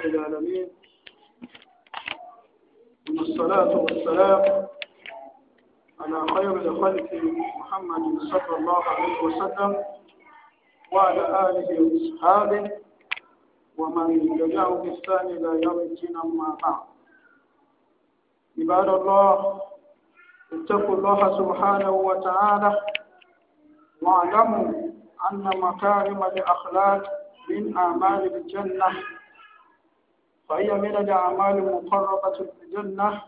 رب العالمين والصلاة والسلام على خير الخلق محمد صلى الله عليه وسلم وعلى آله وأصحابه ومن يدعو بإحسان إلى يوم الدين أما بعد عباد الله اتقوا الله سبحانه وتعالى واعلموا أن مكارم الأخلاق من أعمال الجنة فهي من الأعمال المقربة في الجنة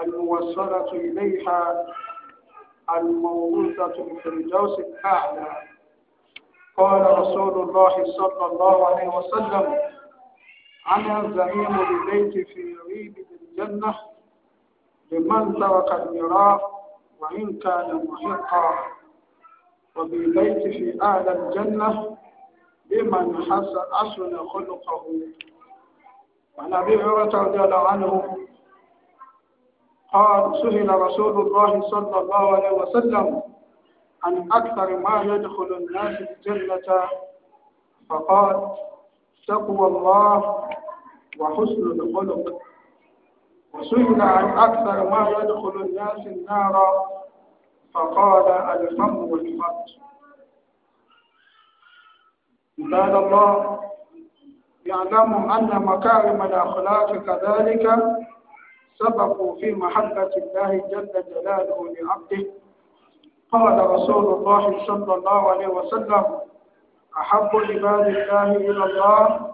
الموصلة إليها الموجودة في الجوز الأعلى قال رسول الله صلى الله عليه وسلم أنا الزعيم البيت في ريب الجنة لمن ترك الميراث وإن كان محقا وبالبيت في أعلى الجنة لمن حسن خلقه وعن أبي هريرة رضي الله عنه قال سئل رسول الله صلى الله عليه وسلم عن أكثر ما يدخل الناس الجنة فقال تقوى الله وحسن الخلق وسئل عن أكثر ما يدخل الناس النار فقال الفم والفرج عباد الله يعلم أن مكارم الأخلاق كذلك سبقوا في محبة الله جل جلاله لعبده قال رسول الله صلى الله عليه وسلم أحب عباد الله إلى الله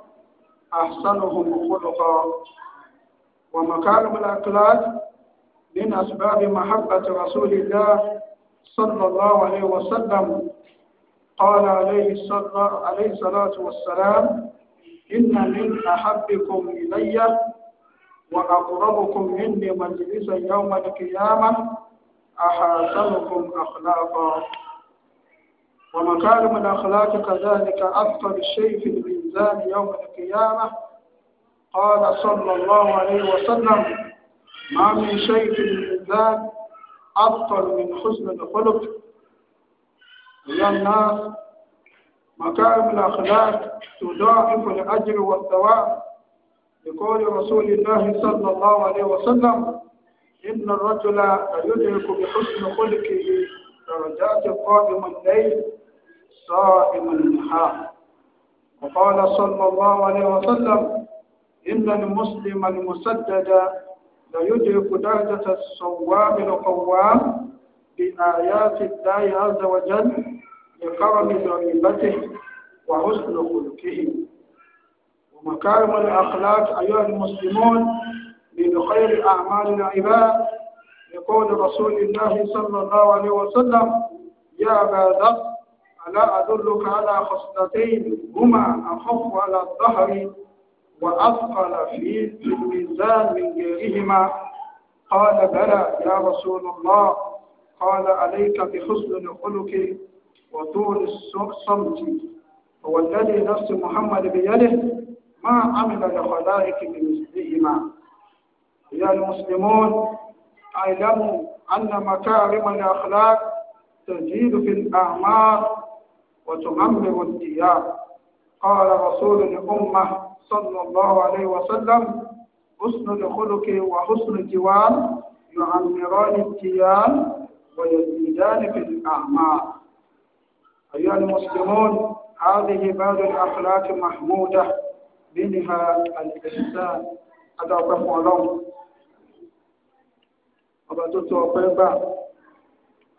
أحسنهم خلقا ومكارم الأخلاق من أسباب محبة رسول الله صلى الله عليه وسلم قال عليه الصلاة والسلام إن من أحبكم إلي وأقربكم مني مجلسا يوم القيامة أحاسنكم أخلاقا ومكارم الأخلاق كذلك أفضل شيء في الميزان يوم القيامة قال صلى الله عليه وسلم ما من شيء في الميزان أفضل من حسن الخلق يا الناس مكارم الأخلاق تضاعف الأجر والثواب لقول رسول الله صلى الله عليه وسلم إن الرجل يدرك بحسن خلقه درجات قائم الليل صائم النهار وقال صلى الله عليه وسلم إن المسلم المسدد يدرك درجة الصواب القوام بآيات الله عز وجل لكرم ضريبته وحسن خلقه ومكارم الأخلاق أيها المسلمون من خير أعمال العباد يقول رسول الله صلى الله عليه وسلم يا أبا ذر ألا أدلك على خصلتين هما أخف على الظهر وأثقل في الميزان من غيرهما قال بلى يا رسول الله قال عليك بحسن خلقك وطول الصمت هو الذي نفس محمد بيده ما عمل لخلائق بمثلهما يا المسلمون اعلموا أن مكارم الأخلاق تزيد في الأعمار وتعمر الديار قال رسول الأمة صلى الله عليه وسلم حسن الخلق وحسن الجوار يعمران الديار ويزيدان في الأعمار أيها المسلمون هذه بعض الأخلاق محمودة منها الإحسان هذا أقف ولوم ọba tó tó ọpẹ́ gbà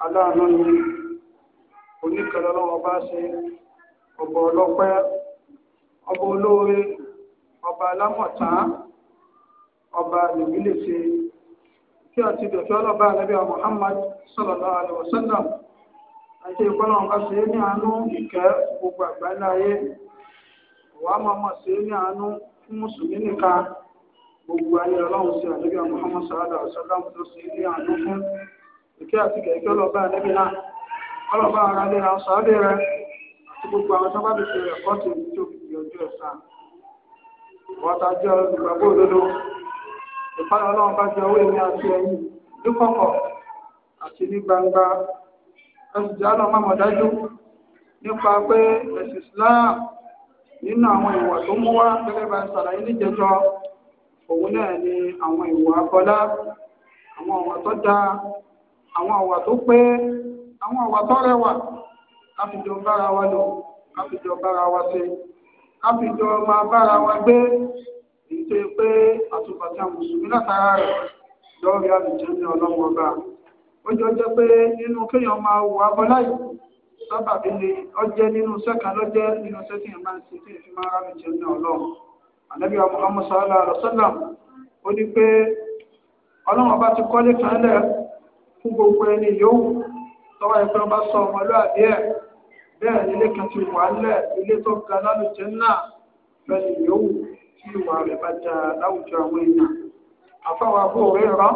aláàánú ni oníkẹlẹ Ọlọ́run ọba ṣe ọba ọlọ́pẹ́ ọba olóore ọba alámọ̀tá ọba nìbílẹ̀ ṣe kí àti Muhammad sallallahu alaihi àti ìpọ́nlọ́n ká ṣe é ní àánú ìkẹ́ gbogbo àgbáńlá ayé ọ̀wá mọ̀ọ́mọ̀ ṣe é ní àánú fún mùsùlùmí gbogbo ayé ọlọ́run sí àdébíà Muhammad sallallahu alaihi wasallam tó ṣe é ní àánú fún ìkẹ́ àti kẹ̀kẹ́ ọlọ́ba àdébí náà ọlọ́ba ara ra rẹ àti gbogbo àwọn tó bá ti ẹ̀kọ́ ní tó fi ọjọ́ jẹ́ ẹ̀sùn àlọ́mọ́ àmọ̀dájú nípa pé ẹ̀sìn Islam nínú àwọn ìwà tó mú wá gẹ́gẹ́ bá ṣàlàyé níjẹjọ òun náà ni àwọn ìwà abọ́lá àwọn ọ̀wà tó dáa àwọn ọ̀wà tó pé àwọn ọ̀wà tó rẹwà káfíjọ bára wa lò káfíjọ bára wa ṣe káfíjọ máa ó jọ jẹ́ pé nínú kéèyàn máa wò abọ́ láì sábà bí ni ọjẹ́ nínú sẹ́kàn lọ́jẹ́ nínú sẹ́kàn yẹn máa ń sin tí èyí máa rámi jẹun ní ọlọ́run ànábì Muhammad sallallahu alaihi wasallam ó ní pé ọlọ́run ọba ti kọ́lé kan lẹ̀ fún gbogbo ẹni yòówù tọ́wọ́ ẹgbẹ́ ọba sọ ọmọlúwàbí ẹ̀ bẹ́ẹ̀ nílé kan ti wà lẹ̀ ilé tó ga lálùjẹ́ náà lọ́ni yòówù tí ìwà rẹ̀ bá já láwùjọ àwọn èèyàn àfáwọn abúrò rẹ̀ rán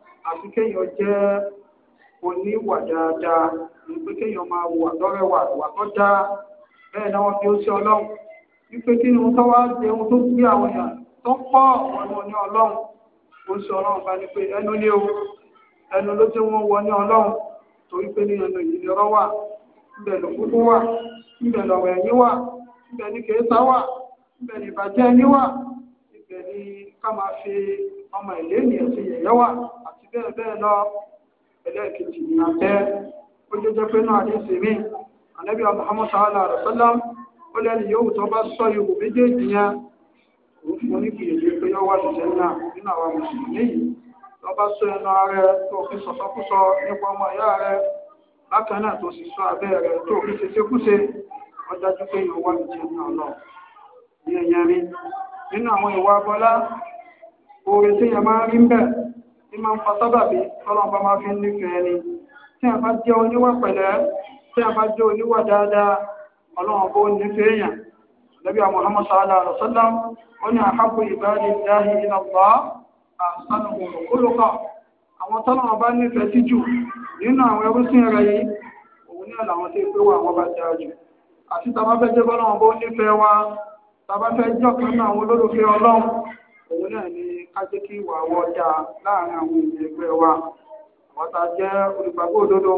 àti kéèyàn jẹ́ oníwà dáadáa ní pé kéèyàn máa wà lọ́rẹ̀wà wà tó dáa bẹ́ẹ̀ náà wọ́n fi ó sí ọlọ́run ní pé kí ni wọ́n tó wá di ohun tó gbé àwọn èèyàn tó pọ̀ wọn ní ọ̀ní ọlọ́run ó sí ọlọ́run bá ní pé ẹnu ní o ẹnu ló tí wọ́n wọ ní ọlọ́run torí pé ní ẹnu yìí lọ́rọ́ wà ibẹ̀ ló kúkú wà ibẹ̀ lọ́rọ̀ ẹ̀yìn wà ibẹ̀ ní kèéta wà ibẹ̀ ní ìbàjẹ́ ẹni wà ibẹ̀ ní ká máa fi ọmọ ìlé ènìyàn ti yẹ̀yẹ́ wà bẹ́ẹ̀ bẹ́ẹ̀ lọ ẹlẹ́ẹ̀kejì ní abẹ́ ó jẹ́jẹ́ pé náà ní ìsinmi ànábì Muhammad sallallahu alaihi wasallam ó lẹ́nu yóò tó bá sọ yòówù méjèèjì yẹn òun fún oníkìyèjì pé yóò wà lùjẹ́ náà nínú àwọn mùsùlùmí yìí ní máa ń fa sábàbí tọ́lọ́n bá máa fi ń nífẹ̀ẹ́ ni tí a bá jẹ́ oníwà pẹ̀lẹ́ tí a bá jẹ́ oníwà dáadáa ọlọ́run bó nífẹ̀ẹ́ èèyàn lẹ́bí àwọn Muhammad sallallahu alaihi wasallam ó ní àhábù ìbáàdì dáhì ila Allah àsánù olùkọ́ àwọn tọ́lọ́run bá nífẹ̀ẹ́ sí jù nínú àwọn ẹrúsìn rẹ̀ òun náà ni ká jẹ́ kí ìwà wọ́ dáa láàrin àwọn èèyàn ẹgbẹ́ wa àwọn a jẹ́ olùgbàgbọ́ òdodo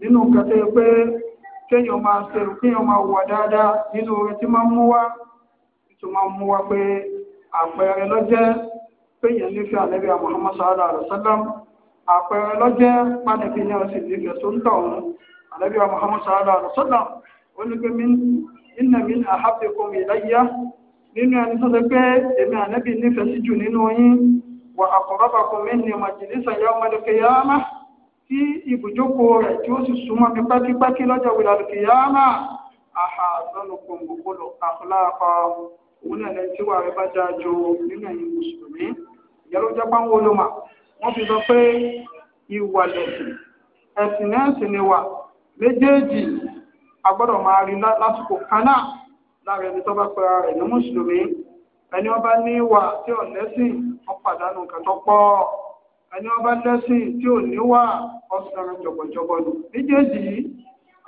nínú nǹkan tó yẹ pé kéèyàn máa ṣe kéèyàn máa wà dáadáa nínú orin tí máa ń mú wá tó máa ń mú wá pé àpẹẹrẹ lọ́jẹ́ péyàn nífẹ̀ẹ́ àlẹ́bí Muhammad sallallahu alaihi wasallam àpẹẹrẹ lọ́jẹ́ pàdébí náà sì nífẹ̀ẹ́ tó ń tọ̀ ọ́n àlẹ́bí Muhammad sallallahu alaihi wasallam ó ní pé inna min ahabbikum ilayya nínú ẹni tó ṣe pé èmi ànábì nífẹ̀ẹ́ sí jù nínú yín wà àkọ́rọ́bàkùn mi ní màjìlísà yá ọmọdé kìyàmá tí ibùjókòó rẹ̀ tí ó sì súnmọ́ mi pákípákí lọ́jọ́ ìlànà kìyàmá àhà lọ́nà gbòǹgbò lọ àfúláàpá òun náà lẹ́yìn tí wà rẹ̀ bá já jo nínú ẹ̀yìn mùsùlùmí ìyẹ́rọ jápá ń wọlé mà wọ́n fi sọ pé ìwà ẹ̀sìn náà sì ni wà méjèèjì a gbọ́dọ̀ máa rí lásìkò kan náà na ẹni tó bá pera rẹ̀ ní mùsùlùmí ẹni wọ́n bá ní ìwà tí ò lẹ́sìn ọ pàdánù nǹkan tó pọ̀ ẹni wọ́n bá lẹ́sìn tí ò níwà sọ̀rọ̀ nù méjèèjì yìí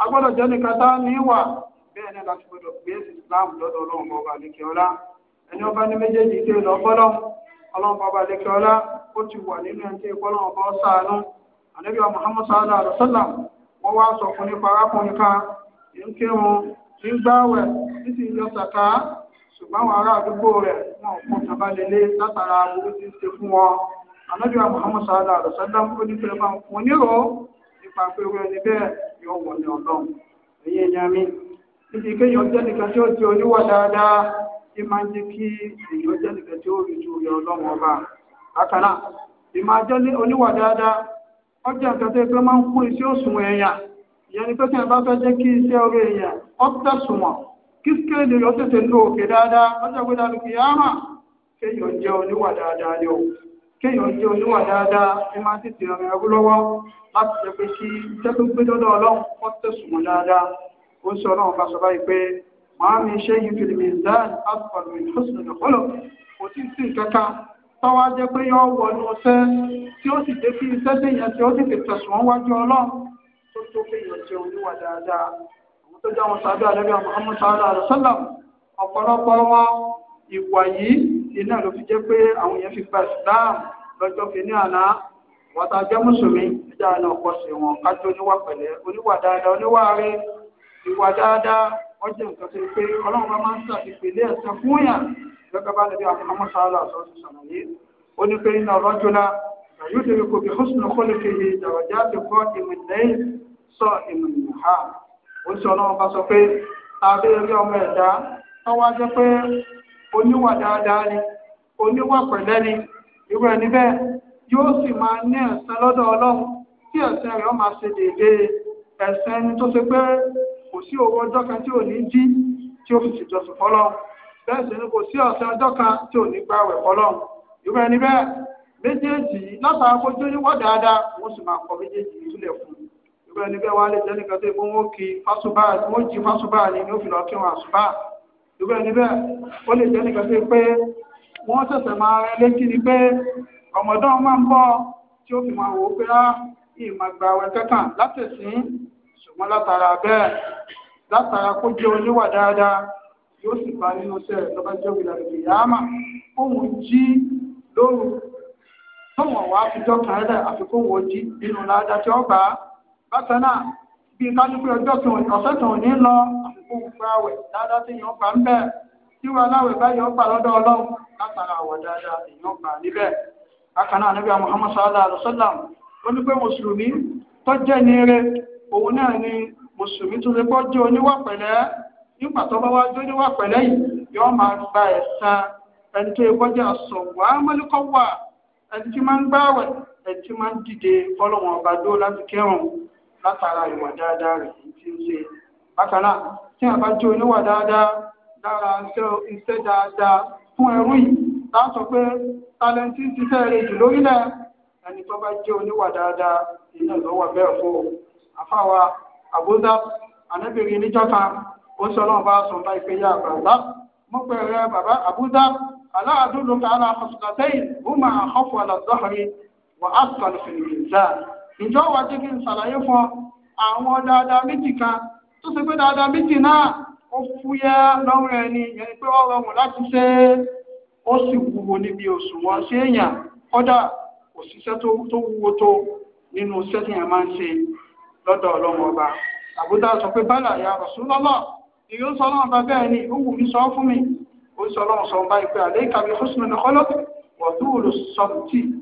a gbọ́dọ̀ jẹ́ nìkan tá ní ìwà bẹ́ẹ̀ ni láti gbọ́dọ̀ Islam lọ́dọ̀ ọlọ́run ọba àlekè ọlá ẹni wọ́n bá ní méjèèjì tí lọ ọlọ́run ọlá ó ti wà ẹni tí isi yọ sàká ṣùgbọ́n àwọn ará àdúgbò rẹ̀ wọn kò tàbá lélé látara owó tí ṣe fún wọn ànábì wa Muhammad sallallahu alaihi wasallam ó ní pẹ̀lú àwọn fún onírò nípa pé ẹni bẹ́ẹ̀ yóò wọ ní Ọlọ́run èyí ẹ̀yà mi nìkan tí ó dáadáa máa ń jẹ́ kí nìkan tí ó rí ju kíkéré lè yọ tètè lo òkè dáadáa lọ́jọ́ gbé dáadáa kì í ámà kéèyàn jẹ́ oníwà dáadáa o kéèyàn jẹ́ oníwà dáadáa ní máa tètè rìn ẹrú lọ́wọ́ láti jẹ́ pé kí iṣẹ́ tó gbé dọ́dọ̀ ọlọ́run kọ́ tẹ̀sùn mọ́ dáadáa ó ń sọ ọlọ́run bá sọ báyìí pé màá mi ṣe yìí fi lè dáa asfaw mi lọ́sùn lọ́kọ́lọ́ kò tí ì sí kankan tọ́wá jẹ́ pé yọ wọnú ọ̀sẹ́ tí ó sì jẹ́ kí iṣẹ́ tẹ̀yàn tí ó tètè tẹ̀sùn wájú ọlọ́run tó tó kéèyàn jẹ́ oníwà dáadáa tó jẹ́ àwọn sàbẹ́ àlẹ́bí Muhammad sallallahu alaihi wasallam ọ̀pọ̀lọpọ̀ wọn ìwà yìí iná ló fi jẹ́ pé àwọn èèyàn fi gba Islam lọ́jọ́ kìíní àná wọ́tá jẹ́ mùsùlùmí ẹja àná ọ̀pọ̀ sí wọn kájú oníwà pẹ̀lẹ́ oníwà dáadáa oníwà rí ìwà dáadáa wọ́n jẹ́ nǹkan tó pé ọlọ́run bá máa ń ṣàfihàn ilé ẹ̀sẹ̀ fún yàn gẹ́gẹ́ bá lẹ́bí àwọn Muhammad sallallahu oṣù ọlọ́run bá sọ pé tàbí eré ọmọ ẹ̀dá tọ́wọ́ jẹ́ pé oníwà dáadáa ni oníwà pẹ̀lẹ́ ni irú ẹni bẹ́ẹ̀ yóò sì máa ní ẹ̀san lọ́dọ̀ ọlọ́run tí ẹ̀san rẹ̀ máa ṣe déédéé ẹ̀san ẹni tó ṣe pé kò sí owó ọjọ́ kan tí ò ní jí tí ó fi ṣèjọsìn fọlọ́ bẹ́ẹ̀ sì ni kò sí ọ̀sẹ̀ ọjọ́ kan tí ò ní gba àwẹ̀ fọlọ́ irú ẹni bẹ́ẹ̀ méjèèjì látara kó dáadáa wọ́n sì máa kọ méjèèjì ìtúlẹ̀ fún un ìgbà ẹni bẹ́ẹ̀ wá lè jẹ́ nìkan tó yẹ kó wọ́n kí fásùbà wọ́n jí fásùbà ni yóò fi lọ kí wọn àsùbà ìgbà ẹni bẹ́ẹ̀ ó lè jẹ́ nìkan tó yẹ pé wọ́n ṣẹ̀ṣẹ̀ máa rẹ létí ni pé ọ̀mọ̀dán máa ń bọ̀ tí ó fi máa wò ó pé á ah, ìmọ̀ gba àwẹ̀ kẹ́kàn látẹ̀sín ṣùgbọ́n látara bẹ́ẹ̀ látara kó jẹ́ oníwà dáadáa yóò sì bá nínú iṣẹ́ lọ́ba jẹ́ ìlànà ìyáàmà òun jí lóru tóun ọ̀wá àfijọ́ kan rẹ̀ àfikún wo jí nínú ládàá tí ó bá bákan náà bí ká ní ọjọ́ kan ọ̀sẹ̀ kan ò ní lọ àfikún gbogbo àwẹ̀ dáadáa tí èèyàn ń tí aláwẹ̀ lọ́dọ̀ ọlọ́run látara àwọ̀ dáadáa èèyàn gbà níbẹ̀ bákan níbi àwọn ó ní pé mùsùlùmí tó jẹ́ ní eré òun náà ni mùsùlùmí tó lè oníwà pẹ̀lẹ́ nígbà tó bá wá látara ìwà dáadáa rẹ̀ tí ó ṣe bákan náà tí a bá jẹ́ oníwà dáadáa lára iṣẹ́ dáadáa fún ẹrú yìí láti sọ pé tálẹ́ǹtì ṣiṣẹ́ rẹ̀ jù lórílẹ̀ ẹni tó bá jẹ́ oníwà dáadáa iná lọ́wọ́ bẹ́ẹ̀ fún o àfàwà àbúdá anábìrin níjọba ó sọ náà bá sọ bá ìpéyà àbàdá mo pẹ̀rẹ̀ bàbá àbúdá aláàdúlùkà aláàkọ̀sùkàtẹ́yìn bùmà àkọ́fọ̀ àlàzọ́hìnrin wà á sọ̀rọ̀ fìlìmìzà ìjọ wa jẹ́ kí n ṣàlàyé fún ọ àwọn dáadáa méjì kan tó ṣe pé dáadáa méjì náà ó fúyẹ́ lọ́rùn ẹni ìyẹn ni pé wọ́n rọrùn láti ṣe é ó sì wúwo níbi òṣùwọ̀n sí èèyàn kódà òṣìṣẹ́ tó wúwo tó nínú iṣẹ́ tí èèyàn máa ń ṣe lọ́dọ̀ ọlọ́run ọba àbúdá sọ pé bálà ya Rasulullah ìyó sọ ọlọ́run ọba bẹ́ẹ̀ ni ó wù mí sọ fún mi ó sọ ọlọ́run sọ ọba ìpè àlẹ́ ìkàwé kọ́lọ́ wọ́n tó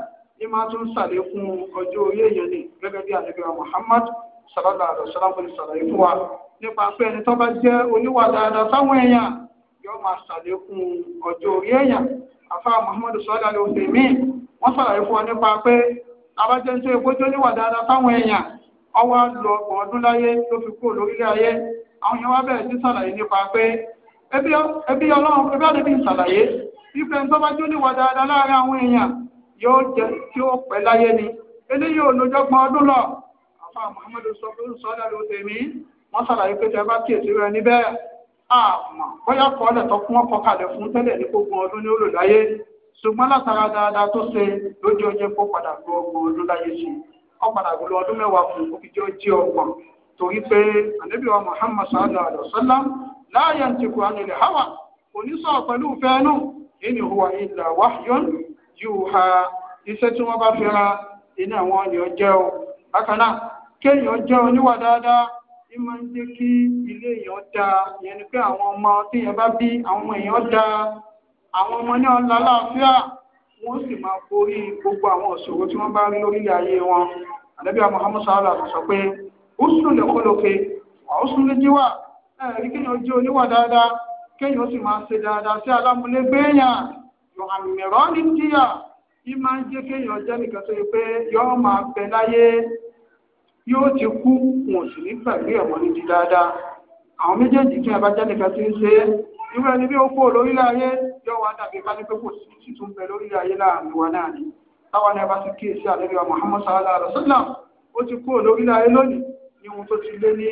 ní máa tún ṣàlékún ọjọ́ orí èèyàn ni gẹ́gẹ́ bí àdébíra Muhammad sallallahu alaihi wasallam ṣàlàyé fún wa nípa pé ẹni tó bá jẹ́ oníwà dáadáa sáwọn èèyàn yóò máa ṣàlékún ọjọ́ orí èèyàn àfa Muhammad sọlá ló fi mí wọ́n ṣàlàyé fún wa nípa pé abájẹ́ tó epo tó níwà dáadáa sáwọn èèyàn ọwọ́ lọ ọ̀pọ̀ ọdún láyé ló fi kúrò lórílẹ̀ ayé àwọn èèyàn wá bẹ̀rẹ̀ sí ṣàlàyé nípa pé ẹbí ọlọ́run ẹbí àdébí ṣàlàyé wípé ẹni tó bá jó níwà dáadáa láàárín àwọn èèyàn yóò jẹ tí ó pẹ láyé ni eléyìí olùjọ́gbọ́n ọdún lọ àfa muhammadu sọ pé sọ́dọ̀ ló tèmi wọ́n ṣàlàyé pé tẹ bá kíyèsí rẹ níbẹ̀ àmọ́ bóyá kọ́lẹ̀ tó ọkọ̀ kalẹ̀ fún tẹ́lẹ̀ ní gbogbo ọdún ní ó lò látara dáadáa tó ṣe lójú kó padà ọdún láyé sí ọ padà ọdún fún torí pé muhammad sallallahu alayhi wa sallam láàyè ntìkú hawa pẹ̀lú yóò ha iṣẹ́ tí wọ́n bá fi ra inú àwọn ọ̀yàn jẹ́ o bákan kéèyàn jẹ́ oníwà dáadáa ní máa ń jẹ́ kí ilé èèyàn da ìyẹn ni pé àwọn ọmọ téèyàn bá bí àwọn ọmọ èèyàn da àwọn ọmọ náà lálàáfíà wọ́n sì gbogbo àwọn tí wọ́n bá rí ayé wọn sọ pé ó sùn lè kólóke wà ó sùn lè jíwà ẹ̀rí kéèyàn jẹ́ oníwà dáadáa kéèyàn sì máa ṣe dáadáa sí alámúlégbé èèyàn yọ̀hàmìrán ní díà yìí máa ń jẹ́ kéèyàn jẹ́ nìkan tó yẹ pé yọ́ máa bẹ láyé yóò ti kú wọn sì ní pẹ̀lú ẹ̀wọ̀n ní ti dáadáa àwọn méjèèjì tí wọn bá jẹ́ nìkan ti ń ṣe é irú ẹni bí ó kó lórílẹ̀ ayé yọ wá dàbí ká ní pé kò sì tún bẹ lórílẹ̀ ayé láàrin wa náà ni táwọn ẹ bá ti kíyèsí àlẹ́bí wa Muhammad sallallahu alaihi wa sallam ó ti kó lórílẹ̀ ayé lónìí ní ohun tó ti lé ní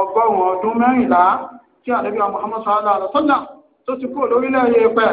ọgọ́rùn-ún ọdún mẹ́rìnlá tí àlẹ́bí wa Muhammad sallallahu alaihi wa sallam tó ti kó lórílẹ̀ ayé pẹ̀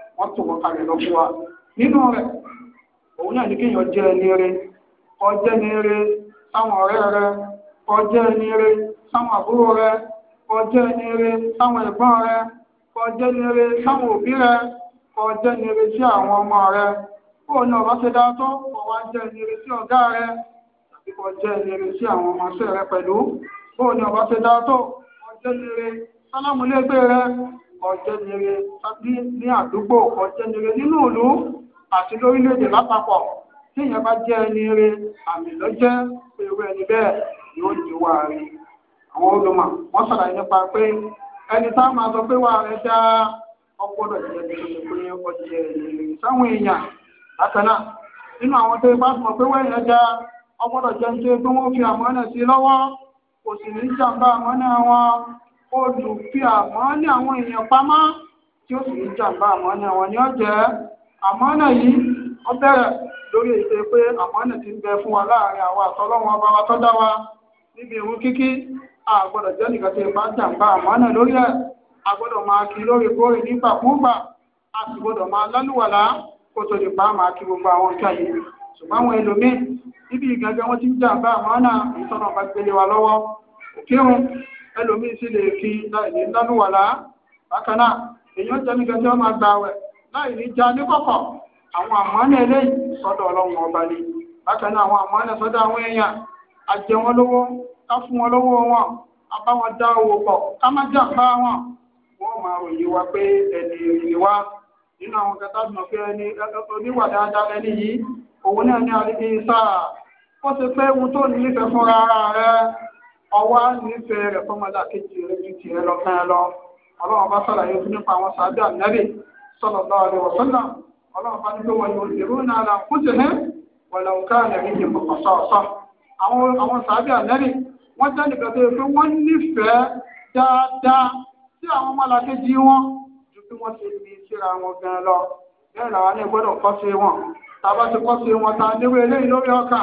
wọ́n tó wọ́n lọ fún nínú rẹ̀ òun náà ní kéèyàn jẹ́ ẹni rẹ ọjẹ́ ni rẹ sáwọn ọ̀rẹ́ rẹ ọjẹ́ ni sáwọn àbúrò rẹ ọjẹ́ ni sáwọn ẹ̀gbọ́n rẹ ọjẹ́ ni sáwọn òbí rẹ àwọn ọmọ rẹ o náà ọba ṣe dá rẹ tàbí sí àwọn rẹ ṣe rẹ ọjọ́ nire ní àdúgbò ọjọ́ nire nínú ìlú àti lórílẹ̀‐èdè lápapọ̀ tí ìyẹn bá jẹ́ ẹni rẹ àmì lọ́jẹ́ pé irú ẹni bẹ́ẹ̀ yóò di wà rí àwọn olùmọ̀ wọ́n ṣàlàyé nípa pé ẹni tá a máa sọ pé wà rẹ dá ọgbọ́dọ̀ jẹ́ ẹni tó pé ọjẹ́ ẹni rẹ sáwọn èèyàn bákan náà nínú àwọn tó ipá mọ̀ pé wẹ́ẹ̀yẹ dá ọgbọ́dọ̀ jẹ́ ẹni tó pé wọ́n fi àmọ́nà sí lọ́wọ́ kò sì ní jàǹbá àmọ́nà wọn olùfi àmọ́ní àwọn èèyàn pamọ́ tí ó sì ní jàǹbá àmọ́ní àwọn ni ó jẹ́ àmọ́nà yìí ó bẹ̀rẹ̀ lórí ètò pé àmọ́nà ti ń bẹ fún wa láàrin àwa àtọ́lọ́wọ́n ọba wa tó dá wa níbi ìrun kíkí a gbọ́dọ̀ jẹ́ nìkan tí ìbá jàǹbá àmọ́nà lórí ẹ̀ a gbọ́dọ̀ máa kí lórí kórè nígbàkúùgbà a sì gbọ́dọ̀ máa lálùwàlá kó tó lè bá máa kí gbogbo àwọn ìka yìí ṣùgbọ́n àwọn ẹlòmíín níbi ìgbàgbẹ́ wọn ti ń jàǹbá àmọ́nà ìtọ́nà bá gbélé wa lọ́wọ́ kírun ẹlòmíì sì lè kí láì ní lọ́nùwàlá bákan náà èèyàn jẹ́ nígbà tí wọ́n máa gba àwẹ̀ láì ní já ní kọ̀kọ̀ àwọn àmọ́nà eléyìí sọ́dọ̀ ọlọ́run ọba ni bákan náà àwọn àmọ́nà sọ́dọ̀ àwọn èèyàn a jẹ wọn lówó ká fún wọn lówó wọn a bá wọn dá owó pọ̀ ká má jà pa wọn wọ́n máa ròyìn wa pé ẹni ìrìn wa nínú àwọn kẹta mọ̀ pé ẹni oníwà dáadáa ẹni yìí òun náà ní àríkì sáà ó ti fẹ́ ohun tó nífẹ̀ẹ́ fúnra ara rẹ̀ ọwọ́ nífẹ̀ẹ́ rẹ̀ fọmọdà kejì rẹ̀ ju tiẹ̀ lọ fẹ́ lọ ọlọ́run bá sàlàyé fún nípa àwọn sàájú ànábì sallallahu alaihi wasallam ọlọ́run bá ní pé wọ́n yóò dèrò náà là ń kú sí ní rẹ̀ ní ìbùkún sọ̀ọ̀sọ̀ àwọn sàájú ànábì wọ́n jẹ́ nìkan tó yẹ pé wọ́n nífẹ̀ẹ́ dáadáa sí àwọn ọmọlàkejì wọn ju bí wọ́n ṣe ní síra wọn gan lọ bẹ́ẹ̀ làwọn ní gbọ́dọ̀ kọ́ sí wọn tàbá ti kọ́ sí wọn ta níwèé eléyìí lórí ọkà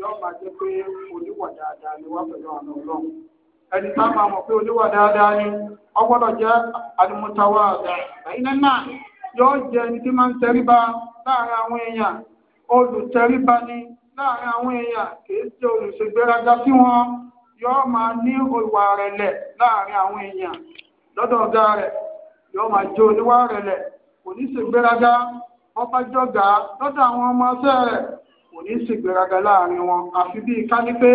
yọọ ma jẹ pé oníwà dáadáa ni pẹ̀lú àwọn ọlọ́run ẹni tá a máa mọ̀ pé oníwà dáadáa ni ọ gbọ́dọ̀ jẹ́ alimutawa ẹ̀yin náà yóò jẹ́ ẹni tí máa ń tẹríba láàrin àwọn èèyàn olùtẹríba ni láàrin àwọn èèyàn kìí ṣe olùṣègbéraga wọn máa ní láàrin àwọn èèyàn lọ́dọ̀ ọ̀gá rẹ̀ yóò máa oníwà kò ní kò ní ṣègbéraga láàrin wọn àfi bíi ká ní pé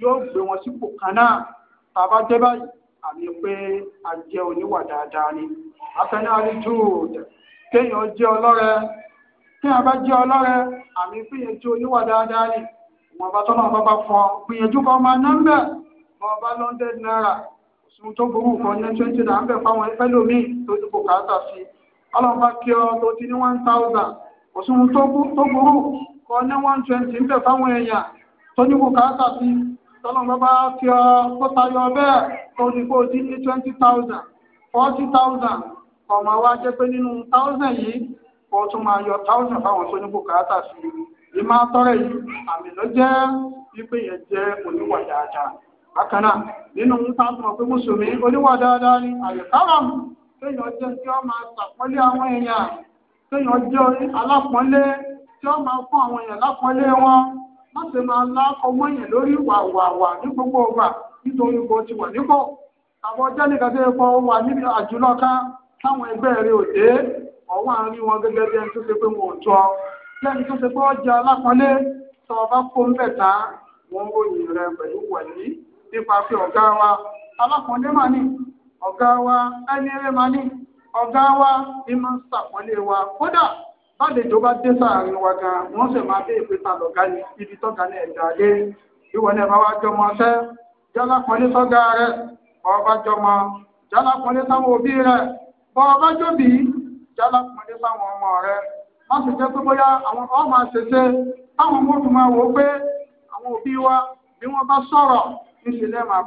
yóò gbé wọn sípò kan náà tàbá dé báyìí àmì pé a oníwà dáadáa ni afẹ́nà àríjúùd kéèyàn jẹ́ ọlọ́rẹ kéèyàn bá jẹ́ ọlọ́rẹ àmì gbìyànjú oníwà dáadáa ni ìwọ̀n bá tọ́nà bá bá fọ gbìyànjú kan máa ná ń bẹ̀ bọ́ ọba london naira òṣùn tó burú kan ní twenty naira ń bẹ̀ fáwọn ẹlòmíì tó dúpọ̀ káàtà sí ọlọ́run kí ọ tó ti ní one thousand òṣùn tó burú kọ ní 1:20 ń fáwọn èèyàn tó ní bùkátà sí tọ́lọ́mọ fi ọ kó bẹ́ẹ̀ tó ní kó dín ní 20,000, 40,000, ọmọ wa jẹ́ pé nínú 1,000 yìí kó tún máa yọ fáwọn tó ní sí máa tọrẹ yìí àmì ló jẹ́ wípé yẹn jẹ́ oníwà dáadáa bákan náà nínú pé mùsùlùmí oníwà dáadáa ni kéèyàn jẹ́ wọ́n máa àwọn èèyàn kéèyàn jẹ́ alápọ́nlé tí ó máa fún àwọn èèyàn lápọ́nlé wọn má ṣe máa lá ọmọ èèyàn lórí wàwàwà ní gbogbo ọgbà nítorí bó ti wà nípò àwọn ọjọ́ nìkan ụwa yẹ kó wà níbi àjùlọ ká táwọn ẹgbẹ́ ò dé ọwọ́ àárín wọn gẹ́gẹ́ bí ẹni tó ṣe pé wọn ọba kó ń bẹ̀ wọn rẹ pẹ̀lú wẹ̀lí nípa pé ọ̀gá wa ní ọ̀gá wa ẹni tálejò bá dé sáàrin wa gan wọ́n sì máa dé ni ibi tọ́gà ní ẹ̀dá lé ìwọ ní ẹ̀bá wa jọmọ ṣẹ́ sọ́gá rẹ ọba jọmọ jálá pọ́nlé sáwọn òbí sáwọn ọmọ rẹ má sì jẹ́ pé bóyá àwọn ọmọ máa táwọn ọmọ máa wa bí wọ́n bá sọ̀rọ̀ máa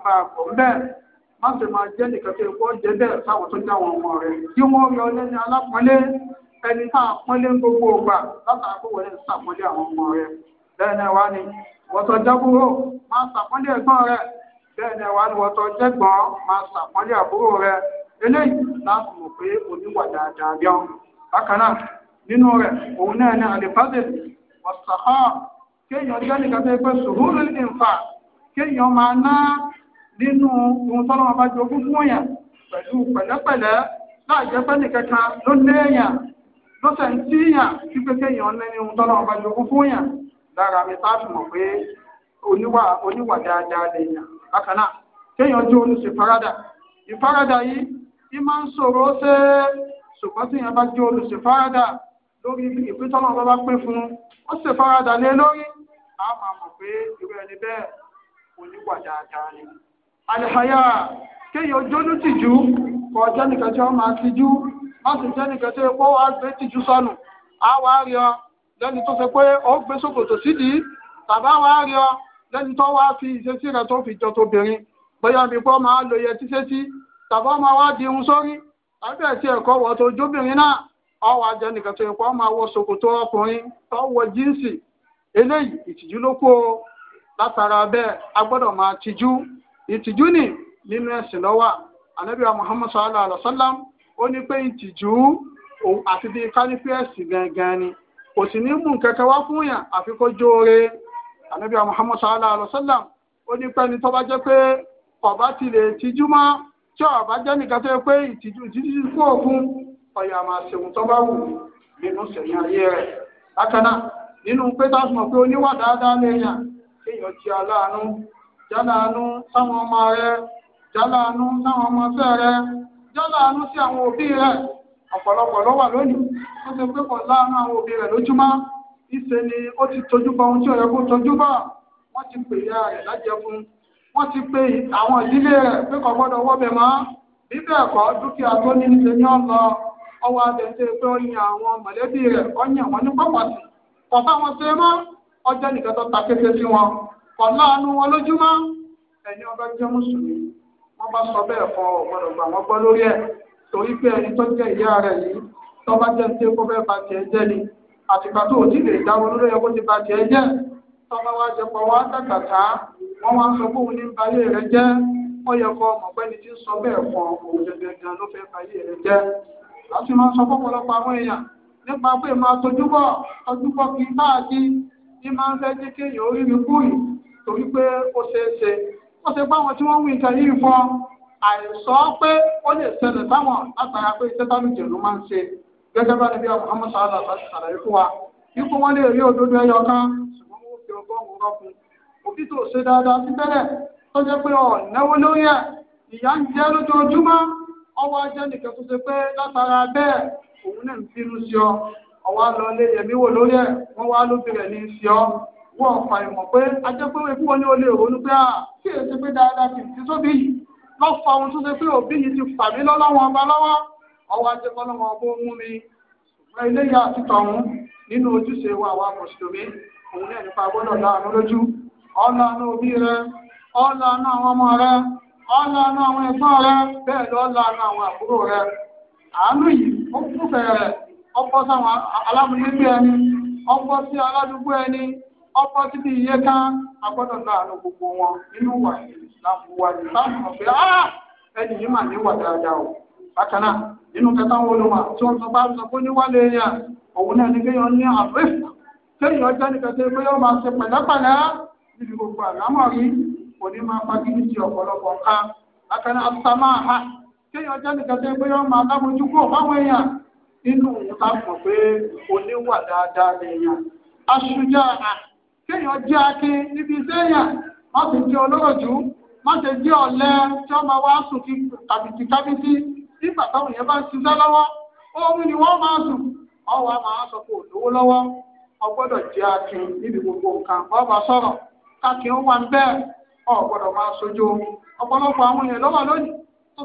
bá ẹni tá a pọ́nlé gbogbo ògbà látara kó wọlé ṣàpọ́nlé àwọn ọmọ rẹ̀ bẹ́ẹ̀ náà wá ní wọ́tọ̀ jábúrò máa ṣàpọ́nlé ẹ̀gbọ́n rẹ̀ bẹ́ẹ̀ náà wá ní wọ́tọ̀ jẹ́gbọ́n máa ṣàpọ́nlé àbúrò rẹ̀ eléyìí láti mọ̀ pé oníwà dáadáa bí ọ́n bákan náà nínú rẹ̀ òun náà ní àlèfáàdé ọ̀sàkọ́ kéèyàn pẹ̀lú pẹ̀lẹ́pẹ̀lẹ́ láì jẹ́ pẹ́ nìkankan ló léèyàn lọ́sẹ̀ ń tí yàn tí pépé yàn lẹ́ni ohun tọ́lọ́ ọba jogún fún yàn lára mi tá a fi mọ̀ pé oníwà oníwà dáadáa lè yàn bákan náà kéèyàn jẹ́ olùṣèfaradà ìfaradà yìí ní máa ń ṣe ṣùgbọ́n tí yàn bá lórí ìpín alihaya kéèyàn jónú tìjú kò ọjọ́ nìkan tí wọ́n máa tìjú má sì jẹ́ nìkan tí ó wá gbé tìjú sọnù á wá rí ọ lẹ́ni tó fẹ́ pé ó gbé sòkòtò sídìí tàbá wá rí ọ lẹ́ni tó wá fi ìṣesí rẹ̀ tó fi jọ tóbìnrin bóyá bí pọ́ máa lo iye tí ṣesí tàbá di irun sórí ẹ̀kọ́ tó jóbìnrin ọ wá jẹ́ nìkan máa wọ látara bẹ́ẹ̀ a gbọ́dọ̀ máa tìjú ìtìjú ni. nínú ẹ̀sìn lọ́wà anabiwa muhammad sallallahu alaihi wa sallam ó ní pé ìtìjú àti bíi kánífì ẹ̀sìn gangan ni kò sì ní mú kẹ̀kẹ́ wá fún yàn àfi kó jóore sallam ó ní pé ẹni tó bá jẹ́ pé ọba ti lè tìjú mọ́ tí ọba jẹ́ nìkan tó yẹ pé ìtìjú ọ̀yà máa tó bá wù nínú sẹ̀yìn ayé rẹ̀ nínú pé tá a sọ pé oníwà dáadáa lè yàn kéèyàn jálá àánú ọmọ ọmọọṣẹ́ rẹ jálá àánú sí àwọn òbí rẹ ọ̀pọ̀lọpọ̀ ló wà lónìí ó ti pé kò láàánú àwọn òbí rẹ ni ó ti tọ́jú bá ohun tí ó kó wọ́n ti pè ya rẹ lájẹ fún wọ́n ti pè àwọn ìdílé rẹ̀ pé kò gbọ́dọ̀ dúkìá tó ní ní pé ó yan àwọn ó yan wọn ní kò ṣe nìkan tó ta sí wọn kò láàánú wọn ẹni wọ́n bá sọ bẹ́ẹ̀ fọ ọ̀gbọ́dọ̀ gbà wọ́n gbọ́ lórí ẹ̀ torí pé ẹni tó jẹ́ ìyá rẹ̀ yìí tó bá jẹ́ tí kò fẹ́ ba tiẹ̀ jẹ́ ni àtìgbà tó ò tí lè dáwọ́ lórí ẹ̀ kó ti ba tiẹ̀ jẹ́ tó bá wá jẹpọ̀ wá dàgbàtà wọ́n wá sọ pé òun ní bayé rẹ̀ jẹ́ ó yẹ kó ọmọgbẹ́ni tí ń sọ bẹ́ẹ̀ fọ òun gẹ́gẹ́ ló fẹ́ bayé rẹ̀ jẹ́ láti máa sọ ó ṣe pé àwọn tí wọ́n wí nǹkan yìí fọ́ àìsọ pé ó lè ṣẹlẹ̀ báwọn látara pé sẹ́tánù jẹ̀lú máa ń ṣe gẹ́gẹ́ bá níbi àwọn ọmọ sàlá láti ṣàlàyé fún wa ipò wọn lè rí òdodo ẹyọ kan ṣùgbọ́n wọn fi ọgọ́rùn-ún rọ́kun òbí tó ṣe dáadáa sí tẹ́lẹ̀ tó jẹ́ pé ọ̀ náwó lórí ẹ̀ ìyá ń jẹ́ lójoojúmọ́ ọwọ́ ajẹ́ nìkan tó ṣe pé látara bẹ́ẹ̀ òun náà ń bínú sí ọ ọwọ́ lọ lé yẹmí wò lórí ẹ̀ wọ́n wá lóbìnrin ní sí ọ wọ́n ọ̀fà ìmọ̀ pé ajẹ́pẹ́wé fún wọn ní olè ronú pé à ah, kí èsì pé dáadáa ti ti tóbi yìí lọ́ fa ohun tó ṣe pé òbí yìí ti fà mí ọba lọ́wọ́ ọwọ́ ajẹ́kọ́lọ́wọ́ ọgbó ohun mi ṣùgbọ́n eléyà ti tọ̀hún nínú ojúṣe wa mùsùlùmí òun gbọ́dọ̀ láàánú lójú òbí rẹ àwọn ọmọ rẹ àwọn ẹ̀gbọ́n rẹ bẹ́ẹ̀ àwọn àbúrò rẹ ọkọ títí iye ká agbọ́dọ̀ náà lọ gbogbo wọn nínú wà ìsìláàmù wà ìsìláàmù ọ̀fẹ́ ah, ẹni yìí mà ní wà dáadáa o bákan náà nínú kẹta wọn ló wà tí wọn sọ bá sọ pé níwálé yẹn òun náà ní kéèyàn ní àfẹ́ kéèyàn jẹ́ nìkan tó pé yóò máa ṣe pẹ̀lẹ́pẹ̀lẹ́ níbi gbogbo àlámọ̀ rí kò ní máa fagídí ti ọ̀pọ̀lọpọ̀ ká bákan náà sámá ha kéèyàn jẹ́ nìkan tó pé yóò máa dábòjú kúrò fáwọn èèyàn nínú òun ká mọ̀ pé oníwà dáadáa lèèyàn aṣojú àà kéèyàn jẹ́ akin níbi séèyàn má sì jẹ́ olóòjú má sì jẹ́ ọ̀lẹ tí wọ́n máa wá sùn kí kàbìtì kábìtì nígbà táwọn èèyàn bá ń ṣiṣẹ́ lọ́wọ́ omi ni wọ́n máa sùn máa sọ pé lọ́wọ́ jẹ́ akin níbi gbogbo nǹkan ọba sọ̀rọ̀ káàkiri ó wà ń bẹ́ẹ̀ máa sojú ọ̀pọ̀lọpọ̀ àwọn èèyàn lọ́wọ́ lónìí tó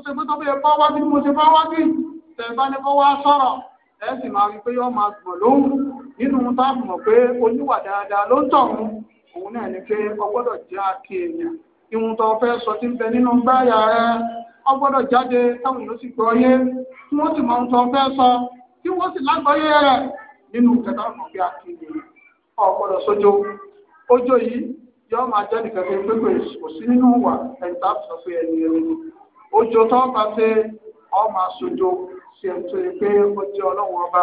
nínú táàmù mọ̀ pé oníwà dáadáa ló ń tọ̀hún òun náà ni pé ọgbọ́dọ̀ jẹ́ àkè èèyàn ìwọ̀n tó fẹ́ sọ ti ń bẹ nínú gbáyà rẹ ọgbọ́dọ̀ jáde táwọn èèyàn sì gbọ́ yé tí wọ́n sì rẹ nínú kẹta mọ̀ bí pé pé ọ máa sójó ṣe ọlọ́run ọba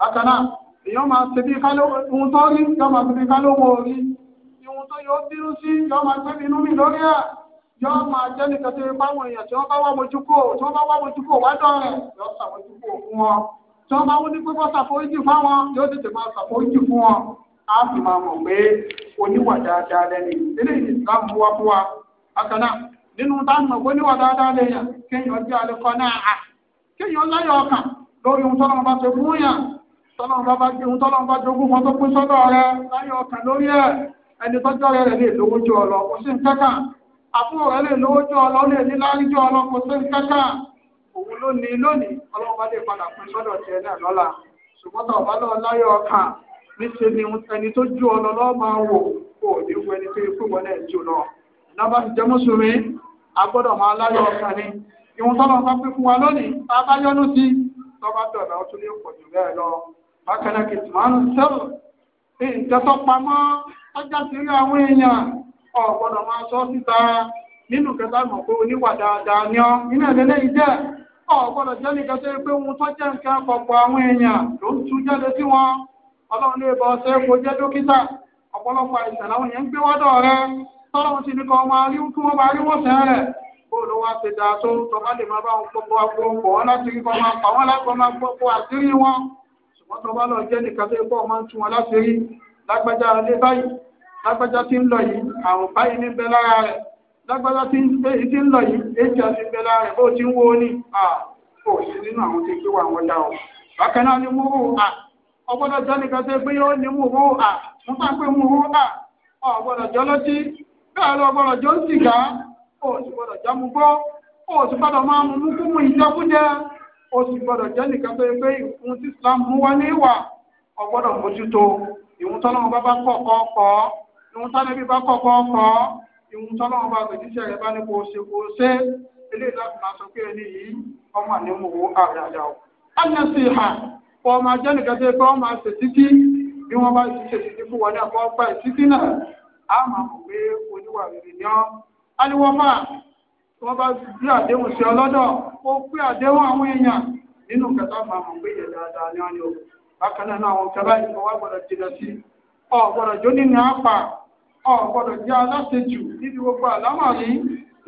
bákan náà èèyàn máa ṣe bí kálówó ohun tó rí yóò máa ṣe bí kálówó orí ohun tó yóò bínú sí yóò máa gbé mi inú mi lórí ẹ̀ yóò máa jẹ́ nìkan tó yẹ báwọn èèyàn tí wọ́n bá wá mojú kò tí wọ́n bá wá mojú kò wá dán rẹ̀ yóò ṣàmojú kò fún wọn tí wọ́n bá wọ́n ní pípọ́ ṣàforíjì fáwọn yóò tètè máa ṣàforíjì fún wọn á sì máa mọ̀ pé oníwà dáadáa lẹ́ni eléyìí ìsìlám mú wá fún wa bákan nínú táwọn mọ̀ oníwà dáadáa lẹ́yìn kéèyàn jẹ́ alẹ́kọ́ náà kéèyàn láyọ̀ ọkàn lórí ohun tó lọ́mọ bá fún yàn tọ́lọ́run bá bá gbé ohun tọ́lọ́run bá jogún wọn tó pín sọ́dọ̀ rẹ láyọ̀ ọkàn lórí ẹ̀ ẹni tọ́jọ́ rẹ lè lówó jọ ọ lọ kò sí nkẹ́kà àbúrò rẹ lè lówó jọ ọ lọ lè ní lárí jọ ọ lọ kò sí nkẹ́kà òun ló ní lónìí ọlọ́run ni ẹni tó ju ọ lọ lọ́ máa wò kó o lè wo ẹni tó yẹ kó wọn náà jù lọ. ìnáwó ti jẹ́ mùsùlùmí a gbọ́dọ̀ máa láyọ̀ ọkàn ni ìwọ̀n tọ́lọ́run fún wa lónìí tá bá yọ́nú sí tọ́ bá ó tún ní pọ̀ jù bẹ́ẹ̀ lọ. bákan náà kìtìmánù sẹ́wọ̀n nǹkan tó pamọ́ tọ́jà siri ahụ àwọn èèyàn ọ̀gbọ́dọ̀ máa sọ síta nínú kẹta mọ̀ pé oníwà dáadáa ni ọ́ nínú ẹ̀lẹ́lẹ́ ìjẹ́ ọ̀gbọ́dọ̀ jẹ́ nìkan tó yẹ pé ohun nǹkan àwọn èèyàn ló ń tú jáde sí wọn ọlọ́run lè bọ́ ṣe kó jẹ́ dókítà ọ̀pọ̀lọpọ̀ àìsàn èèyàn ń gbé rẹ tọ́lọ́run ní kan máa rí kí wọ́n máa rí wọ́n sẹ́ rẹ̀ ló wá wọ́n tó bá lọ jẹ́ nìkan tó pọ̀ máa ń tún wọn láti rí lágbájá ilé báyìí lágbájá tí ń lọ yìí àrùn báyìí ní bẹ lára rẹ̀ lágbájá tí ń lọ yìí èjì àti bẹ lára rẹ̀ bó ti ń wo ni kò sí nínú àwọn tí kí wà wọ́n dá o bákan náà ni mú à ọgbọ́dọ̀ jẹ́ nìkan tó pé yóò ní mú à mú bá pé mú à ọgbọ́dọ̀ jọ lọ́tí bẹ́ẹ̀ lọ gbọ́dọ̀ jọ ń sìgá òsì gbọ́dọ̀ já mú gbọ́ òsì gbọ́dọ̀ máa ó sì gbọ́dọ̀ jẹ́ nìkan tó yẹ pé ìfún tí Islam mú wá ní ìwà ọgbọ́dọ̀ mójútó ìwọ̀n tọ́lọ́wọ́n bá bá kọ̀ọ̀kọ́ kọ́ ìwọ̀n tánẹ́bí bá kọ̀ọ̀kọ́ kọ́ ìwọ̀n tọ́lọ́wọ́n bá gbèdíṣẹ́ rẹ̀ bá ní kò ṣe kò ṣe eléyìí láti máa sọ pé ẹni yìí ọmọ àníwò wo àràdà o. ánẹ́sì ìhà wọ́n máa jẹ́ nìkan tó yẹ pé wọ́n máa ṣe títí bí wọ́n bá ti ṣe títí fún wọlé àpò ọgbà ìtítí náà á máa mọ̀ pé oníwà rere ni ọ́. aliwọ́fà wọ́n bá gbé àdéhùn sí ọlọ́dọ̀ ó pé àdéhùn àwọn èèyàn nínú kẹta máa pé yẹ dáadáa ní ọ̀nà bákan náà àwọn kẹba ìfọ̀ wá jìnà sí ọ jó nínú apá ọ jẹ́ aláṣejù níbi gbogbo àlámà rí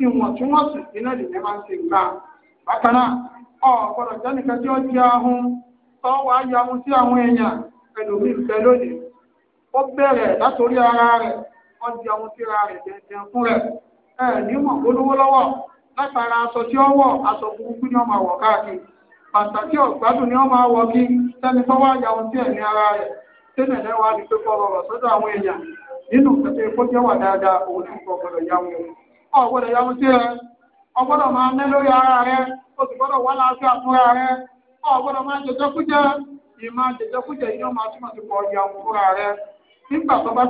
ìwọ̀ntúnwọ̀nsì iná lè ní máa ń ṣe gbà bákan náà ọ tí ó jẹ́ ahun tọ́wọ́ ayé ahun sí àwọn èèyàn pẹ̀lú mi lónìí ó bẹ̀rẹ̀ látòrí ara rẹ̀ di síra rẹ̀ fún rẹ̀ ẹ̀ẹ́dìmọ̀ olówó lọ́wọ́ látara aṣọ tí ó wọ̀ aṣọ burúkú ni ọ máa wọ̀ káàkiri bàtà tí ọ̀gbádùn ni ọ máa wọ̀ kí sẹ́ni wá ohun tí ara rẹ̀ tẹ́lẹ̀ ni pé kọ́rọ̀ rọ̀ sọ́dọ̀ àwọn èèyàn nínú kẹtẹ wà dáadáa ọ ọ o sì wá ọ máa ìmọ̀ yìí ó máa túmọ̀ sí fúnra rẹ nígbà tó bá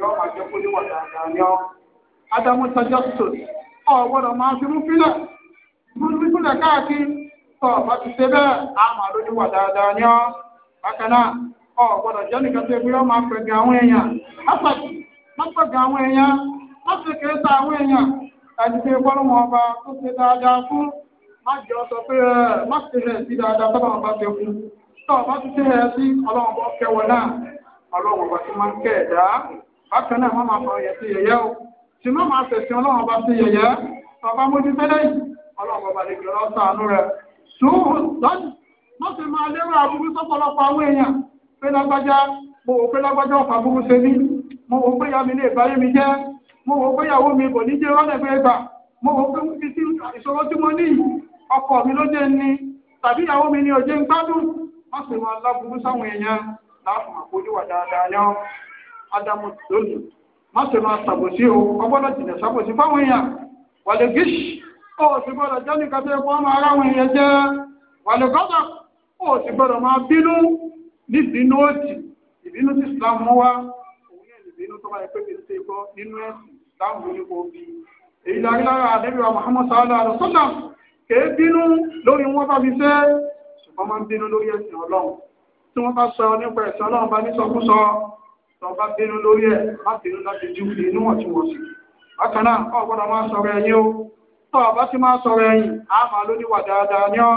yọ máa jẹ kó níwọ̀ dáadáa yọ. Adamu sọjọ́ sòrì ọ̀ gbọ́dọ̀ máa fi mú fílẹ̀ mú fi fílẹ̀ káàkiri tọ̀ bá ti ṣe bẹ́ẹ̀ á máa ló níwọ̀ dáadáa yọ. Bákan náà ọ̀ gbọ́dọ̀ jẹ́ nìkan tó ebi yọ máa pẹ̀gẹ̀ àwọn èèyàn lásàkì máa pẹ̀gẹ̀ àwọn èèyàn láti kéré sa àwọn èèyàn àti pé bọ́lọ́mọ ọba tó ṣe dáadáa fún má jọ sọ pé ẹ má ṣe rẹ̀ sí dáadáa tọ́lá ọba ṣe fún ti ṣe rẹ̀ sí ọlọ́run ọba kẹwọ́ náà ọlọ́run ọba ti máa ń kẹ̀ ẹ̀dá bákan ya wọ́n máa fọ ọ̀yẹ̀ sí yẹ̀yẹ́ o tí má máa tẹ̀sìn ọlọ́run ọba sí yẹ̀yẹ́ ọba mójú tẹ́lẹ̀ yìí ọlọ́run ọba lè jọ lọ́sọ̀ àánú rẹ̀ sùúrù na mo wò pé lágbájá ọ̀pá aburú ṣe mí mo wò pé ìyá mi mi mo wò ya mi ọkọ mi ló ni tàbí ìyàwó mi ni ádámù lónìí má ṣe máa ṣàbòsí o ọgbọ́dọ̀ jìnà ṣàbòsí fáwọn èèyàn wàlẹ̀ gíṣ ó sì gbọ́dọ̀ jẹ́ nìkan tó yẹ kó máa ara wọn èèyàn jẹ́ wàlẹ̀ gọ́dọ̀ ó sì gbọ́dọ̀ máa bínú níbínú òtì ìbínú tí Islam mú wá òun yẹn ìbínú tó bá yẹ pé kì í ṣe gbọ́ nínú ẹ̀sìn Islam ló ní kó bí èyí lárí lára àdébí wa Muhammad sallallahu alaihi wa sallam kèé bínú lórí wọn bá fi fẹ́ ṣùgbọ́n máa ń bínú lórí ẹ̀sìn Ọlọ́run tí wọ́n bá sọ nípa ẹ̀sìn Ọlọ́run bá ní sọkúsọ tọba bínú lórí ẹ̀ ma láti ju inú ọ̀túnwọ̀sì bákan náà máa sọ̀rọ̀ ẹ̀yìn o ọba tí máa sọ̀rọ̀ ẹ̀yìn a máa lóníwà dáadáa ní ọ́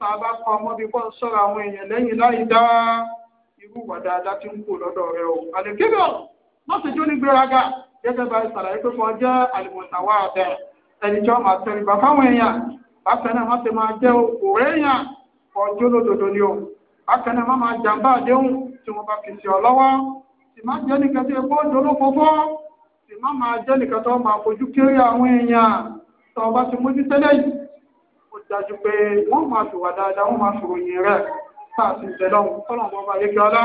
tá a bá kọ ọmọ bí kò ń àwọn èèyàn lẹ́yìn láì dá irú wà dáadáa tí ń lọ́dọ̀ rẹ o àlèkébẹ̀ má ṣe jó ní gbéraga gẹ́gẹ́ bá pé jẹ́ tí o ọ sì má jẹ́ nìkan tó yẹ kó dolófófó sì má máa jẹ́ nìkan tó máa fojú kéré àwọn èèyàn tó bá ti mójú tẹ́lẹ̀ yìí ó dájú pé wọ́n máa fi dáadáa wọ́n máa fi ròyìn rẹ̀ tá a sì bẹ̀ lọ́hùn kọ́nà wọn bá yé kí ọlá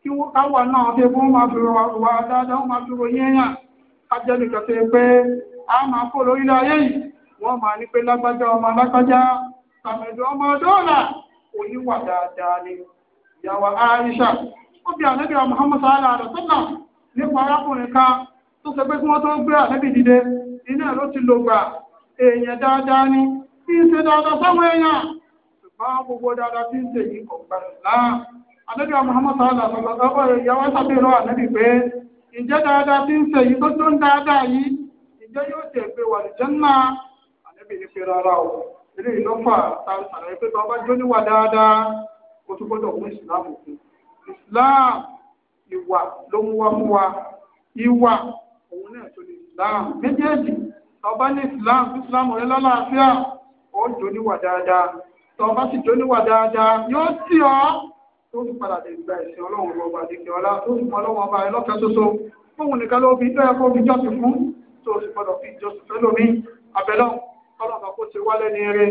kí wọ́n káwà náà fi wọ́n máa fi wà dáadáa wọ́n máa fi ròyìn èèyàn ká jẹ́ nìkan tó yẹ pé a máa kó lórílẹ̀ ayé yìí wọ́n máa ní pé lágbájá Aisha ó bi ànábì wa Muhammad sallallahu alaihi wa sallam nípa arákùnrin kan tó sọ pé kí wọ́n tó gbé ànábì dìde iná ló ti lò gbà èèyàn dáadáa ni kí n ṣe dáadáa sáwọn èèyàn ṣùgbọ́n gbogbo dáadáa tí ń ṣe yìí kò gbà láà ànábì wa Muhammad sallallahu alaihi wa sallam ìyàwó sábẹ́rọ ànábì pé ìjẹ́ dáadáa tí ń ṣe yìí tó tó ń dáadáa yìí ìjẹ́ yóò tẹ̀ pé wà ní jẹ́nà ànábì ní pé rárá o eré ìlọ́fà ta Islam ìwà ló mú wá fún wa ìwà òun náà tó ní Islam méjèèjì tọba ní Islam Islam rẹ lọ́láàfíà ó jó níwà dáadáa tọba sì jó níwà dáadáa yóò tì ọ́ tó fi padà lè gba ẹ̀sìn ọlọ́run ọba àdékè ọlá tó fi mọ ọlọ́run ọba ẹlọ́kẹ́ soso fóun nìkan ló fi bẹ́ẹ̀ kó fi jọ́sìn fún tó sì gbọdọ̀ fi jọ́sìn fẹ́ lómi abẹ́lọ́ ọlọ́ba kó ṣe wá lẹ́ni eré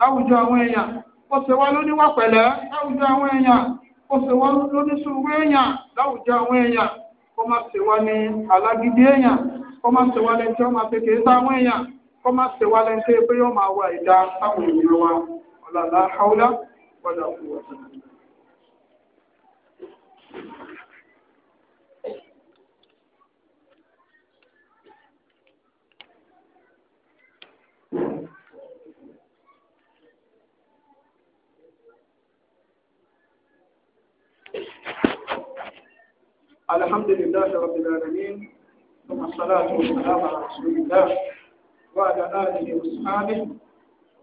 láwùjọ àwọn èèyàn kó ṣe wá lóníwà pẹ̀lẹ́ láwùjọ àwọn èèyàn kó ṣe wá lóníṣòwò èèyàn láwùjọ àwọn èèyàn kó má ṣe wá ní alágídí èèyàn kó má ṣe wá lẹ́ni tí ó máa ṣe kìí sáwọn èèyàn kó má ṣe wá lẹ́ni tí pé yóò máa wà ìdá sáwọn èèyàn wa ọ̀làlá haúlá wọ́dà fún wọn. الحمد لله رب العالمين ثم الصلاة والسلام على رسول الله وعلى آله وصحبه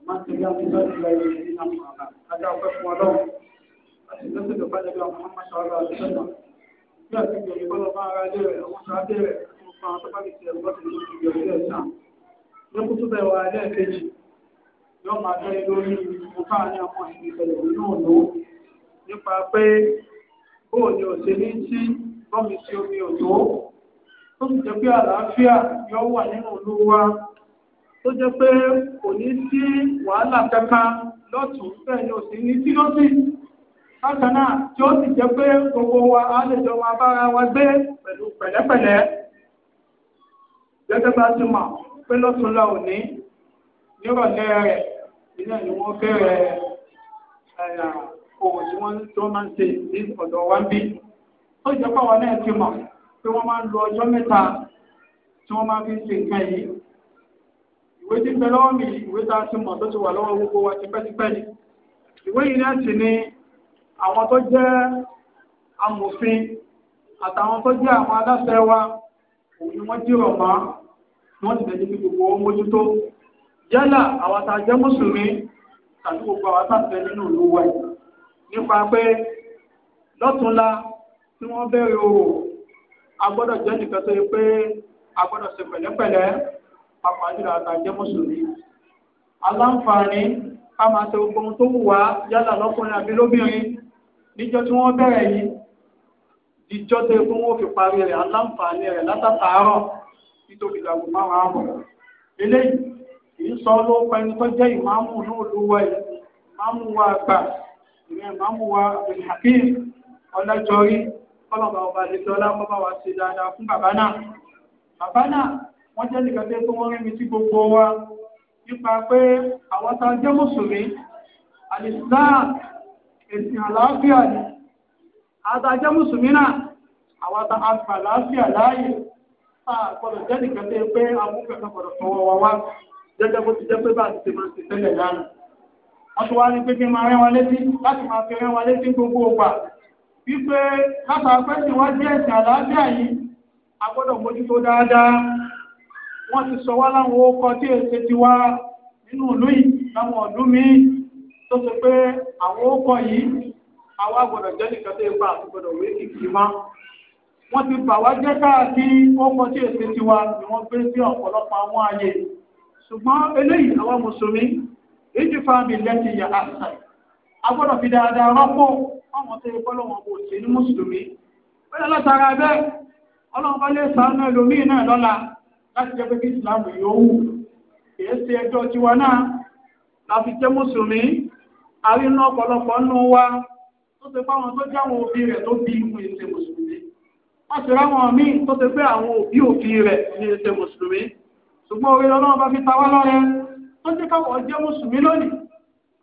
ومن تبعهم بإحسان إلى يوم الدين أما بعد أدعى قسم ولو أسئلة تقال بها محمد صلى الله عليه وسلم يا سيدي يقول الله عليه وسعده وسعده تقال في الله في يوم الإسلام lókùtù bẹ́ẹ̀ wà lẹ́ẹ̀kejì yóò máa dẹ́ lórí ìfúnfà ní àwọn ìṣẹ̀lẹ̀ náà lò nípa pé bóò ni òṣèlú tí rọ́mi sí omi òtó tó sì jẹ́ pé àlàáfíà yóò wà nínú ìlú wa tó jẹ́ pé kò ní sí wàhálà kankan lọ́tún bẹ́ẹ̀ ni ò sí ní sí lọ́sí bákan náà tí ó sì jẹ́ pé gbogbo wa á lè jọ máa bára wa gbé pẹ̀lú pẹ̀lẹ́pẹ̀lẹ́ gẹ́gẹ́ bá ti mọ̀ pé lọ́tún la ò ní nírọ̀lẹ́ rẹ̀ ilé ni wọ́n bẹ̀rẹ̀ òwò tí wọ́n máa ń ṣe ní ọ̀dọ̀ wa ń bí ó jẹ́ pàwọn náà ti mọ̀ pé wọ́n máa ń lo ọjọ́ mẹ́ta tí wọ́n máa fi ṣe nǹkan yìí ìwé tí ń bẹ lọ́wọ́ mi ìwé tá a ti mọ̀ tó ti wà lọ́wọ́ gbogbo wa tipẹ́tipẹ́ ni ìwé yìí náà sì ni àwọn tó jẹ́ amòfin àtàwọn tó jẹ́ àwọn aláṣẹ wa òun ni wọ́n jírò mọ́ wọ́n ti tẹ̀lé gbogbo owó mójútó yálà àwọn tá a jẹ́ mùsùlùmí tàbí gbogbo àwọn tá a tẹ̀lé nínú ìlú wa yìí nípa pé lọ́túnla tí wọ́n bẹ̀rẹ̀ o agbọ́dọ̀ jẹ́ nìkan tó yẹ pé agbọ́dọ̀ ṣe pẹ̀lẹ́pẹ̀lẹ́ pàpà jùlọ àtàjẹ́ mùsùlùmí aláǹfààní ká máa ṣe gbogbo ohun tó wù wá yálà lọ́kùnrin àbí lóbìnrin níjọ́ tí wọ́n bẹ̀rẹ̀ yìí ìjọ́ tó yẹ pé wọ́n fi parí rẹ̀ aláǹfààní rẹ̀ látàtàárọ̀ nítorí ìdàgbò márùn ààbọ̀ eléyìí kì í sọ ló pa ẹni tó jẹ́ ìmáàmù náà ló wá ìmáàmù wa àgbà ìmáàmù wa abdulhakeem ọlájọrí kọlọ̀bà ọba àdìsọ́lá kọ́ bá wa ṣe dáadáa fún bàbá náà bàbá náà wọ́n jẹ́ nìkan tẹ́ tó wọ́n rí mi sí gbogbo wa nípa pé àwọn tá a jẹ́ mùsùlùmí alìsíláà ẹ̀sìn àlàáfíà ni àtàjẹ́ mùsùlùmí náà àwọn tá a gbà láàfíà láàyè tá a gbọ́dọ̀ jẹ́ nìkan tẹ́ pé amúkẹ́kẹ́ gbọ́dọ̀ fọwọ́ wa wá jẹ́jẹ́ bó ti jẹ́ pé bá a ti ṣe máa ti tẹ́lẹ̀ lánàá wọ́n ti wá ní pé kí n máa rẹ́ wọn létí láti máa fi rẹ́ wọn létí gbogbo ògbà wípé látà pé tí wọ́n jẹ́ ẹ̀sìn àlàáfíà yìí a gbọ́dọ̀ mójútó dáadáa wọ́n ti sọ wá láwọn ọkọ̀ tí èsè ti wá nínú ìlú yìí láwọn ọdún míì tó ṣe pé àwọn orúkọ yìí àwa gbọ́dọ̀ jẹ́ nìkan tó ipa wọ́n ti bà wá jẹ́ káàkiri ọkọ̀ tí ti wá ni wọ́n gbé sí ọ̀pọ̀lọpọ̀ àwọn ṣùgbọ́n ọmọ tó yẹ bọ́lọ́wọ́n kò sí ní mùsùlùmí bẹ́ẹ̀ látara bẹ́ẹ̀ ọlọ́run bá lè sàánú ẹlòmíì náà lọ́la láti jẹ́ pé kí ìsìláàmù yóò wù kìí ṣe ẹjọ́ tiwa náà láti jẹ́ mùsùlùmí àrínú ọ̀pọ̀lọpọ̀ nù wa tó ṣe pé àwọn tó jẹ́ àwọn òbí rẹ̀ tó bí ìwé ṣe mùsùlùmí wọ́n sì ráwọn míì tó ṣe pé àwọn òbí òbí rẹ̀ ní ṣe mùsùlùmí ṣùgbọ́n orí ọlọ́run bá fi ta wá lọ́rẹ tó ṣe káwọn jẹ́ mùsùlùmí lónìí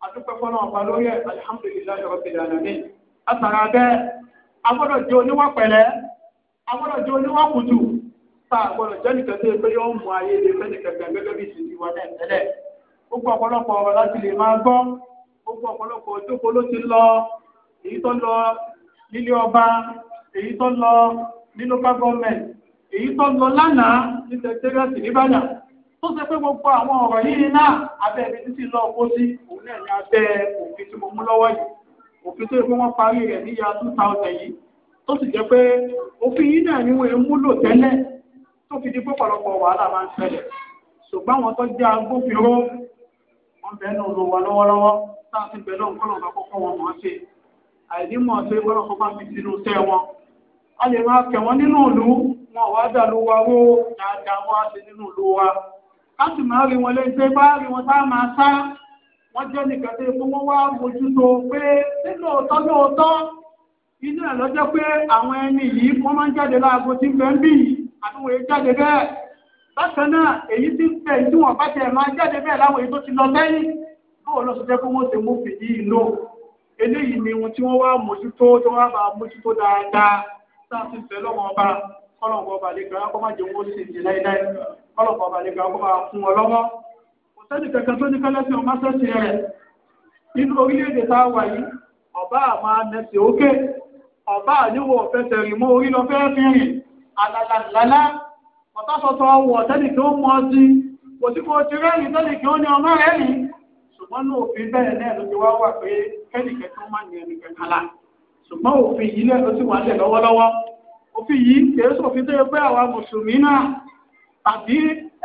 àdúpẹ́ fọ́nà ọ̀pá lórí ẹ̀ alihamudulilayi rabbil alamin látara bẹ́ẹ̀ agbọ́dọ̀ jẹ́ oníwà pẹ̀lẹ́ agbọ́dọ̀ jẹ́ oníwà kùtù tá agbọ́dọ̀ jẹ́ nìkan tó pé yóò mú ayé lè fẹ́ nìkan kan gẹ́gẹ́ bí ìsìn ìwà náà tẹ́lẹ̀ gbogbo ọ̀pọ̀lọpọ̀ ọ̀rọ̀ láti lè máa gbọ́ gbogbo ọ̀pọ̀lọpọ̀ ojókòó ló ti lọ èyí tó lọ nílé ọba èyí tó lọ ní local government èyí tó lọ lánàá ní secretariat nìbàdàn tó ṣe pé gbogbo àwọn ọ̀rọ̀ yìí náà abẹ́ ibi títí lọ kó sí òun náà ní abẹ́ òfin tí mo mú lọ́wọ́ yìí òfin tó yẹ pé wọ́n parí rẹ̀ níyà two thousand yìí tó sì jẹ́ pé òfin yìí náà ni wọ́n múlò tẹ́lẹ̀ tó fi di pọ̀pọ̀lọpọ̀ wàhálà máa ń ṣẹlẹ̀ ṣùgbọ́n àwọn tó jẹ́ agbófinró wọn bẹ̀ẹ́ náà ló wà lọ́wọ́lọ́wọ́ táà ti bẹ̀ẹ́ náà kọ́nà bá kọ́kọ́ wọn mọ̀ ṣe àìnímọ̀ ṣe wọ́n kọ́ bá fi sínú iṣẹ́ wọn a lè máa kẹ̀ wọ́n nínú ìlú wọn wá dà ló wa wó dáadáa wọ́n á ṣe nínú ìlú wa ká sì máa rí wọn lé wọ́n jẹ́ nìkan tó epo wọ́n wá mójútó pé nínú òótọ́ ní òótọ́ inú ẹ̀ lọ́jọ́ pé àwọn ẹni yìí wọ́n máa ń jáde láago tí ń bẹ ń bì yìí àti wọ́n èyí jáde bẹ́ẹ̀ bákan náà èyí tí ń bẹ tí wọ́n bá tẹ̀ máa jáde bẹ́ẹ̀ láwọn èyí tó ti lọ lẹ́yìn báwo ló ṣe jẹ́ pé wọ́n ṣe mú fìdí ìlò eléyìí ni ohun tí wọ́n wá mójútó tí wọ́n bá mójútó dáadáa sáà ti fẹ́ lọ́wọ́ ọba kọ́lọ̀ ọba àlejò akọ́májẹ̀wọ́ sì ń jẹ láíláí kọ́lọ̀ ọba àlejò akọ́má fún ọ lọ́wọ́ sẹ́ni kẹ̀kẹ́ tó ní kẹ́lẹ́sì ọmọ sẹ́sì rẹ̀ inú orílẹ̀-èdè tá a wà yìí ọba àmà nẹ̀sì òkè ọba àníwò ọ̀fẹ́sẹ̀ rìn mọ́ orí lọ fẹ́ẹ́ fi rìn àlàlàlálá ọ̀tọ́sọ̀tọ̀ ọwọ̀ sẹ́ni kí ó mọ sí kò sí kò ti rẹ́rìn sẹ́ni kí ó ní ọmọ rẹ̀ rìn ṣùgbọ́n ní òfin bẹ́ẹ̀ náà ló ti wá wà pé kẹ́ni kẹ́kẹ́ má ní ẹnì kẹ́kẹ́ la ṣùgbọ́n òfin yìí lẹ́ẹ̀ ló ti wà lẹ̀ lọ́wọ́lọ́wọ́ òfin yìí kèé sòfin tó yẹ pé àwa mùsùlùmí náà tàbí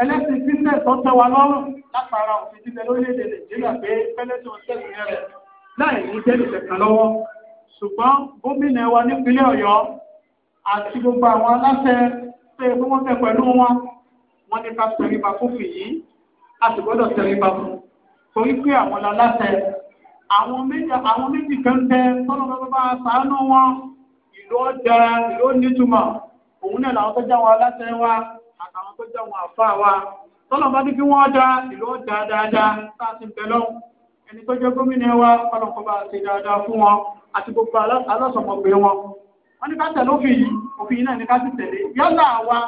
ẹlẹ́sìn títẹ̀ tó tẹ́ wa lọ́rùn látara òfin títẹ̀ lórílẹ̀-èdè nàìjíríà pé pẹ́lẹ́sì ọ̀sẹ̀sìn rẹ̀ láì ní jẹ́lì kẹta lọ́wọ́ ṣùgbọ́n gómìnà wa nípínlẹ̀ ọ̀yọ́ àti gbogbo àwọn aláṣẹ pé kí wọ́n tẹ̀ pẹ̀lú wọn wọ́n ní ká tẹríba fófin yìí a sì gbọ́dọ̀ tẹríba fún torí pé àwọn aláṣẹ àwọn méjì àwọn méjì kan tẹ tọ́lọ́ bá bá ṣàánú wọn ìlú ọjà ìlú onítùmọ̀ òun náà làwọn tó já wọn aláṣẹ wa àtàwọn tó jẹ́ àwọn àfa wa tọ́lọ̀ bá ní kí wọ́n da ìlú ọ̀dà dáadáa tá a ti bẹ̀ lọ́hùn ẹni tó jẹ́ gómìnà wa ọlọ́kọ̀ bá ṣe dáadáa fún wọn àti gbogbo alọ́sọ̀mọ̀gbé wọn wọ́n ní ká tẹ̀lé òfin yìí òfin yìí náà ní ká sì tẹ̀lé yálà wa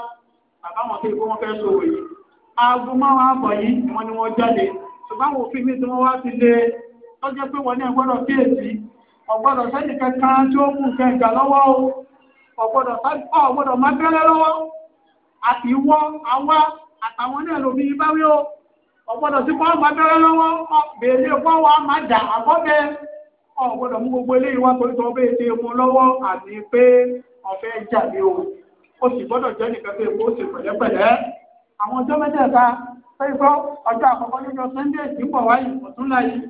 àbáwọn tó yẹ kó wọ́n fẹ́ sòwò yìí aago márùn-ún àbọ̀ yìí wọ́n ní wọ́n jáde ṣùgbọ́n àwọn òfin mi tí wọ́n wá ti lé tọ́jọ́ pé wọ́n ní ẹgbọ́dọ̀ kíyèsí ọ̀gbọ́dọ̀ àti ìwọ àwa àtàwọn náà lòmí bá wí o ọ̀gbọ́dọ̀ sí kọ́ ọgbà bẹ́rẹ̀ lọ́wọ́ béèrè fọ́wọ́ a máa dà àkọ́bẹ́ ọ̀gbọ́dọ̀ mú gbogbo eléyìí wá torí tọ́ bẹ́ẹ̀ ṣe mú lọ́wọ́ àti pé ọ̀fẹ́ jà ní o ó sì gbọ́dọ̀ jẹ́ nìkan pé kó ṣe pẹ̀lẹ́pẹ̀lẹ́ àwọn ọjọ́ mẹ́tẹ̀ẹ̀ta fẹ́ gbọ́ ọjọ́ àkọ́kọ́ nínú sunday tí pọ̀ wáyé ọ̀túnla yìí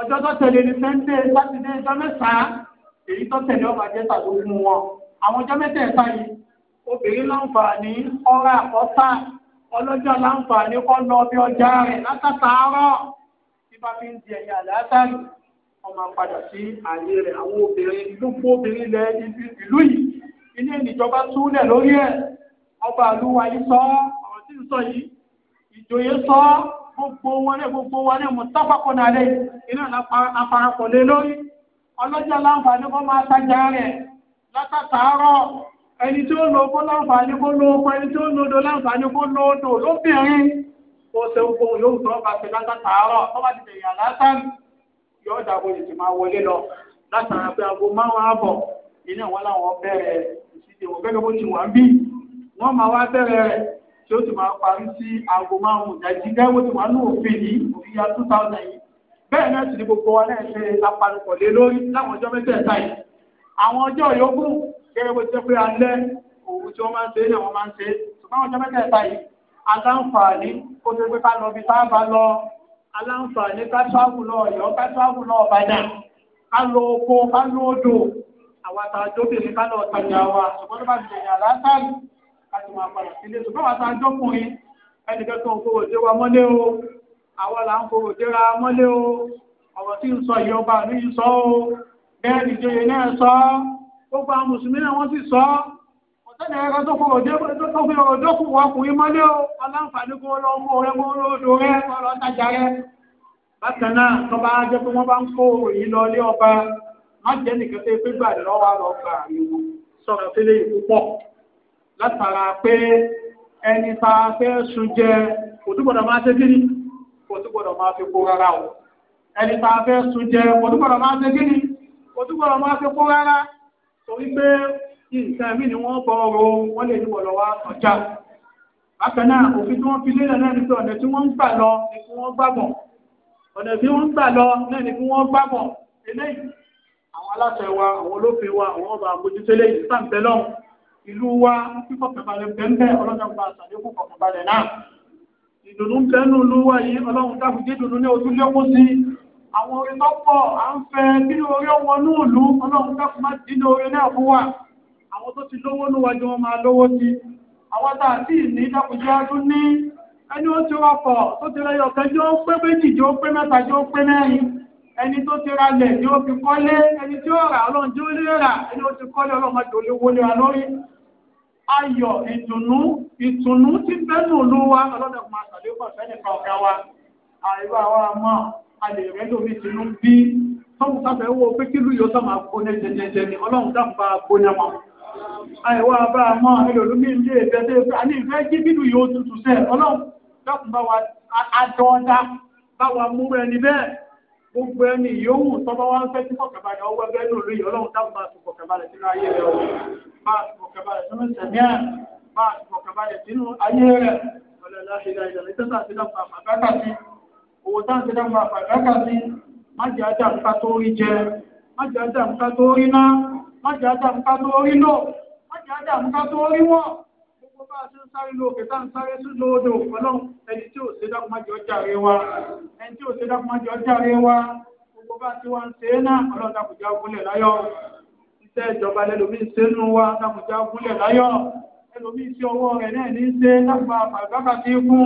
ọjọ́ tó tẹ̀lé ní sunday sátidé ọjọ́ mẹ́sàn-án èyí tó tẹ̀lé ọba jẹ́ tàbí ogun wọn àwọn ọjọ́ mẹ́tẹ̀ẹ̀ta yìí obìnrin láǹfààní ọ̀rọ̀ àkọ́tà ọlọ́jọ́ láǹfààní kọ́ lọ bí ọjà rẹ̀ látàtàárọ̀ tí bá fi ń di ẹ̀yà látàrí ọmọ padà sí ààyè rẹ̀ àwọn obìnrin ìlú fún obìnrin ilẹ̀ ìlú yìí ilé ìjọba túlẹ̀ lórí ẹ̀ ọba àlúwa yìí sọ ọ̀rọ̀ tí ń sọ yìí ìjòyè sọ gbogbo wọn lé gbogbo wọn lé mọ̀tàpákọ̀ náà lé iná àparapọ̀ lé lórí ọlọ́jọ́ láǹfààní kọ́ máa tajà rẹ̀ látàtàárọ̀ ẹni tí ó lo owó láǹfààní kó lo oko ẹni tí ó lo odò láǹfààní kó lo odò lóbìnrin ó ṣe gbogbo yóò tó ọba ṣe látàtà àárọ̀ tó bá ti bẹ̀rẹ̀ àlásán yóò dàgbò lè ti máa wọlé lọ látara pé aago márùn ààbọ̀ nínú ìwọ́n làwọn bẹ̀rẹ̀ ìṣíde wọn gẹ́gẹ́ bó ti wà ń bí wọ́n máa wá bẹ̀rẹ̀ rẹ̀ tí ó ti máa parí sí aago márùn ìdájí gẹ́gẹ́ bó ti wà ní òfin yìí òfin ya two thousand yìí bẹ́ẹ̀ náà sì ni gbogbo wa náà ṣe apanupọ̀ lé lórí láwọn ọjọ́ mẹ́tẹ̀ẹ̀ta yìí àwọn ọjọ́ yòókù gẹ́gẹ́ bó ti pé alẹ́ òun tí wọ́n máa ń ṣe náà wọ́n máa ń ṣe ṣùgbọ́n àwọn jẹ́mẹ́ta ẹ̀ta yìí aláǹfààní kó tó pé ká lọ bí tá a bá lọ aláǹfààní ká tábù lọ Ọ̀yọ́ ká tábù lọ Ìbàdàn ká lọ oko ká lọ odò àwọn àtàjọbìnrin ká lọ ọ̀tajà wa ṣùgbọ́n tó bá ti dẹ̀yìn àlásàrì ká ti máa padà sílé ṣùgbọ́n àwọn àtàjọkùnrin ẹnìkan tó gbogbo àwọn mùsùlùmí náà wọ́n sì sọ ọ́ ọ̀tẹ́lẹ̀ ẹ̀ka tó kọ òdókùn ọkùnrin mọ́lé o aláǹfààní kó lọ mú ọrẹ mọ́ lóòdò rẹ ọ̀rọ̀ ọ̀tajà rẹ. bákan náà tó bá jẹ́ pé wọ́n bá ń kó òyìn lọ lé ọba má jẹ́ nìkan tó pé gbà lọ́wọ́ lọ gbà àríwọ̀ sọ̀rọ̀ sílé ìlú pọ̀ látara pé ẹni tá a fẹ́ sun jẹ kò tún gbọ́dọ̀ máa ṣe kíni kò máa fi kó rárá o ẹni tá fẹ́ sun jẹ kò máa ṣe kíni kò máa fi kó rárá torí pé nǹkan mí ni wọ́n bọ ọrọ̀ wọ́n lè níbọ̀ lọ́wọ́ ọjà bákan náà òfin tí wọ́n fi lélẹ̀ náà ni pé ọ̀nà tí wọ́n ń gbà lọ ni kí wọ́n gbàgbọ́ ọ̀nà tí wọ́n ń gbà lọ náà ni kí wọ́n gbàgbọ́ eléyìí àwọn aláṣẹ wa àwọn olófin wa àwọn ọba àbójútó eléyìí sáǹtẹ lọ́hùn ìlú wa kíkọ̀kẹ̀balẹ̀ pẹ̀mpẹ̀ ọlọ́dọ̀gba àṣàlékù kọ̀kẹ̀balẹ̀ náà ìdùnnú pẹ̀lú ìlú wa yìí ọlọ́run dákùjẹ́ ìdùnnú ní ojú lẹ́kùn sí àwọn orin tó pọ̀ à ń fẹ́ nínú orí wọn ní ìlú ọlọ́run dákun má dínú orin náà fún wa àwọn tó ti lówó níwájú wọn máa lówó sí àwọn tá a sì ní dákúnjẹ́ adún ní ẹni ó ti wọ́pọ̀ tó ti rẹyọ kẹjọ pé méjì jọ pé mẹ́ta jọ pé mẹ́rin ẹni tó ti ra lẹ̀ ni ó fi kọ́lé ẹni tí ó rà ọlọ́run tí ó lè rà ẹni ó ti kọ́lé ọlọ́run àti olówó lé wa lórí ayọ̀ ìdùnnú ìtùnnú ti bẹ́nu olówó alè rẹ̀ lómi ti ń bí tọ́wọ́ sáfẹ́ wo pé kí lùyọ́ sọ máa gbóná jẹjẹjẹ ni ọlọ́run dábàá gbóná mọ́ àìwá bá a mọ́ ẹlòmí ilé ẹ̀fẹ́ tó fẹ́ ní ìfẹ́ jí bílù yóò tutù sẹ́ ọlọ́run dákùn bá wa adọ́ọ́dá bá wa mú ẹni bẹ́ẹ̀ gbogbo ẹni yòówù tọ́bọ́ wá ń fẹ́ tí fọ̀kàbalẹ̀ ọwọ́ ẹgbẹ́ ló rí ọlọ́run dákùn bá ti fọ̀kàbalẹ̀ sínú ayé rẹ̀ ọ̀hún bá ti fọ̀kàbalẹ̀ sínú sẹ̀mí ẹ̀ bá ti fọ̀kàbalẹ̀ sínú ayé rẹ̀ ọ̀lẹ́lá òwò táǹtì dàgbà fàdákà sí májì ajá nǹkan tó rí jẹ májì ajá nǹkan tó rí ná májì ajá nǹkan tó rí lò májì ajá nǹkan tó rí wọ̀ gbogbo bá a ṣe ń sáré lóòkè tá ń sáré sí lóòdò ọlọ́run ẹni tí ò ṣe dákun májì ọjà rẹ wa ẹni tí ò ṣe dákun wá ń ìjọba lẹ́lòmí ń sí ọwọ́ rẹ̀ náà ní ṣe lágbà àgbàkàtì ikú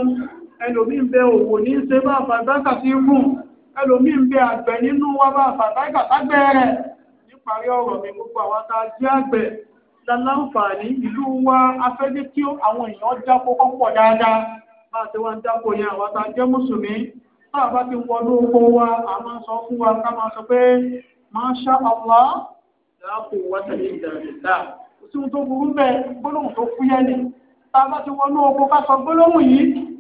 ẹlòmí ń bẹ òwò ní ṣe bá fàtàkà sí fún ẹlòmí ń bẹ àgbẹ̀ nínú wa bá fàtàkà ságbẹ́ rẹ̀ níparí ọ̀rọ̀ mi gbogbo àwọn tá a jẹ́ àgbẹ̀ láláǹfààní ìlú wa afẹ́dé tí àwọn èèyàn dáko kọ́pọ̀ dáadáa bá a ti wá ń dáko yẹn àwọn tá jẹ́ mùsùlùmí bá a bá ti wọnú oko wa a máa sọ fún wa ká máa sọ pé Masha Allah láàpò wátàlí ìdàrẹ́dà kò sí ohun tó burú bẹ́ẹ̀ gbólóhùn tó fúyẹ́ ni tá a bá ti wọnú oko ká sọ gbólóhùn yìí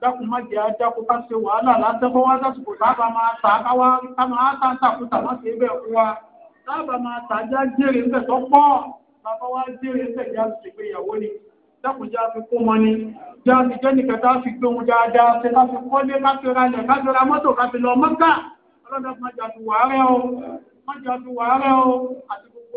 dákun má jẹ́ ajáko ká ṣe wàhálà látẹ́kọ́ wá sásìkò sábà máa tà á káwá ká máa tà ń tàkùtà má ṣe bẹ́ẹ̀ fún wa sábà máa tà já jèrè ń tẹ̀tọ́ pọ̀ bàbá wa jèrè ń tẹ̀já ti pé ìyàwó ni dákun já fi kó mọ́ni já fi jẹ́ nìkan tá a fi gbóhun dáadáa ṣe ká fi kọ́lé ká fi ralẹ̀ ká fi ra mọ́tò ká fi lọ mọ́kà ọlọ́dọ̀ má jà tu wàárẹ̀ o má jà tu wàárẹ̀ àti gbogbo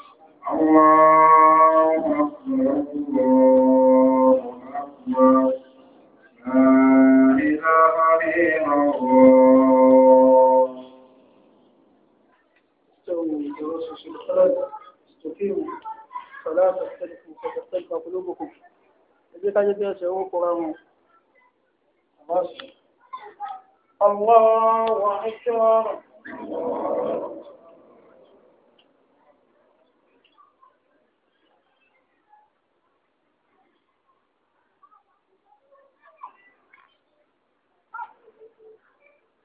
الله أكبر الله أكبر لا إله إلا الله استووا جلوس الصلاة استقيموا فلا تختلفوا فتختلف قلوبكم ẹgbẹ́ kájẹ́ bí ẹsẹ̀ owó kọra wọn àwọn ọ̀rọ̀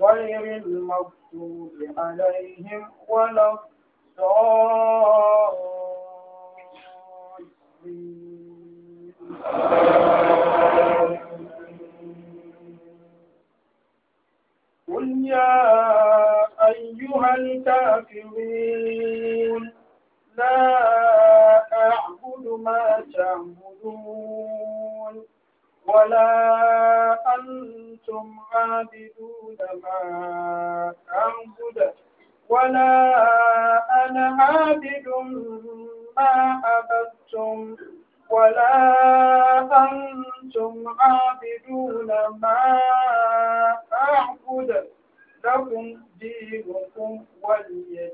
غير المغضوب عليهم ولا قل يا أيها الكافرون لا أعبد ما تعبدون ولا أنتم عابدون ما أعبد ولا أنا عابد ما عبدتم ولا أنتم عابدون ما أعبد لكم دينكم ولي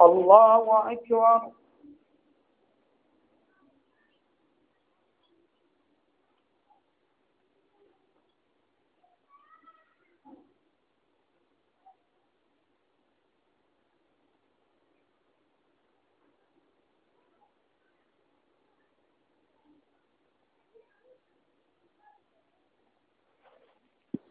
الله أكبر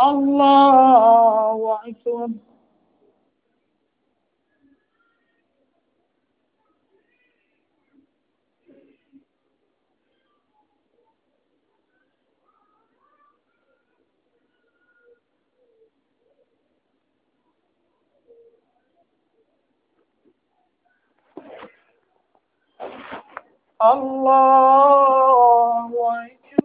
الله أكبر الله أكبر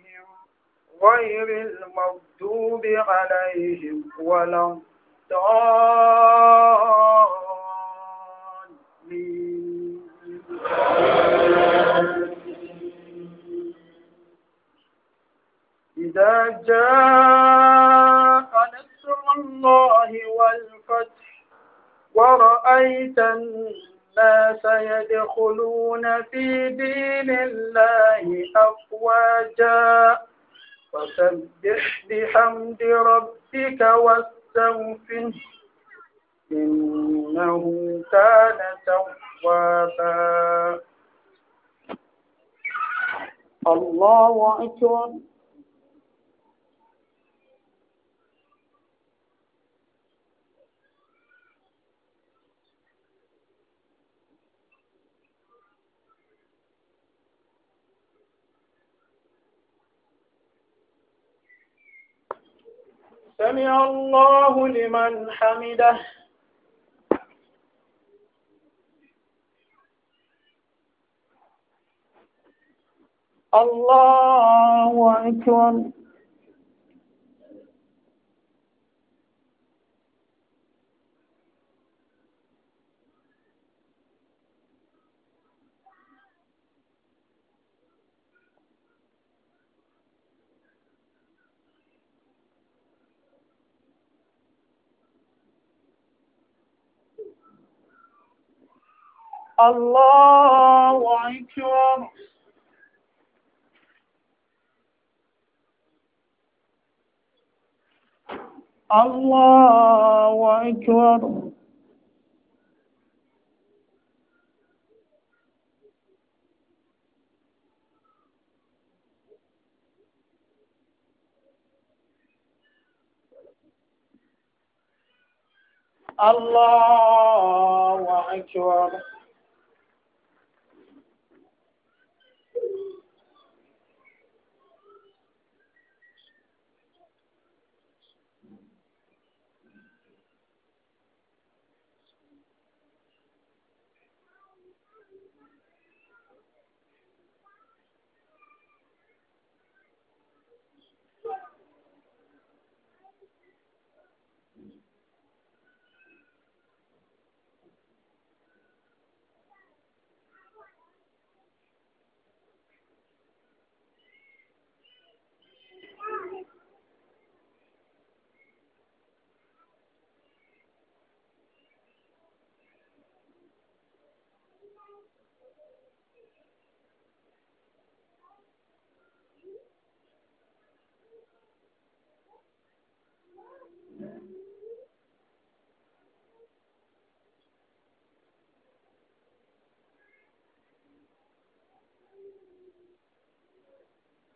غير المغضوب عليهم ولا الضالين إذا جاء نصر الله والفتح ورأيت الناس يدخلون في دين الله أفواجا فسبح بحمد ربك واستغفره إنه كان توابا الله أكبر سمع الله لمن حمده الله أكبر Allahu akbar. Allahu akbar. الله أكبر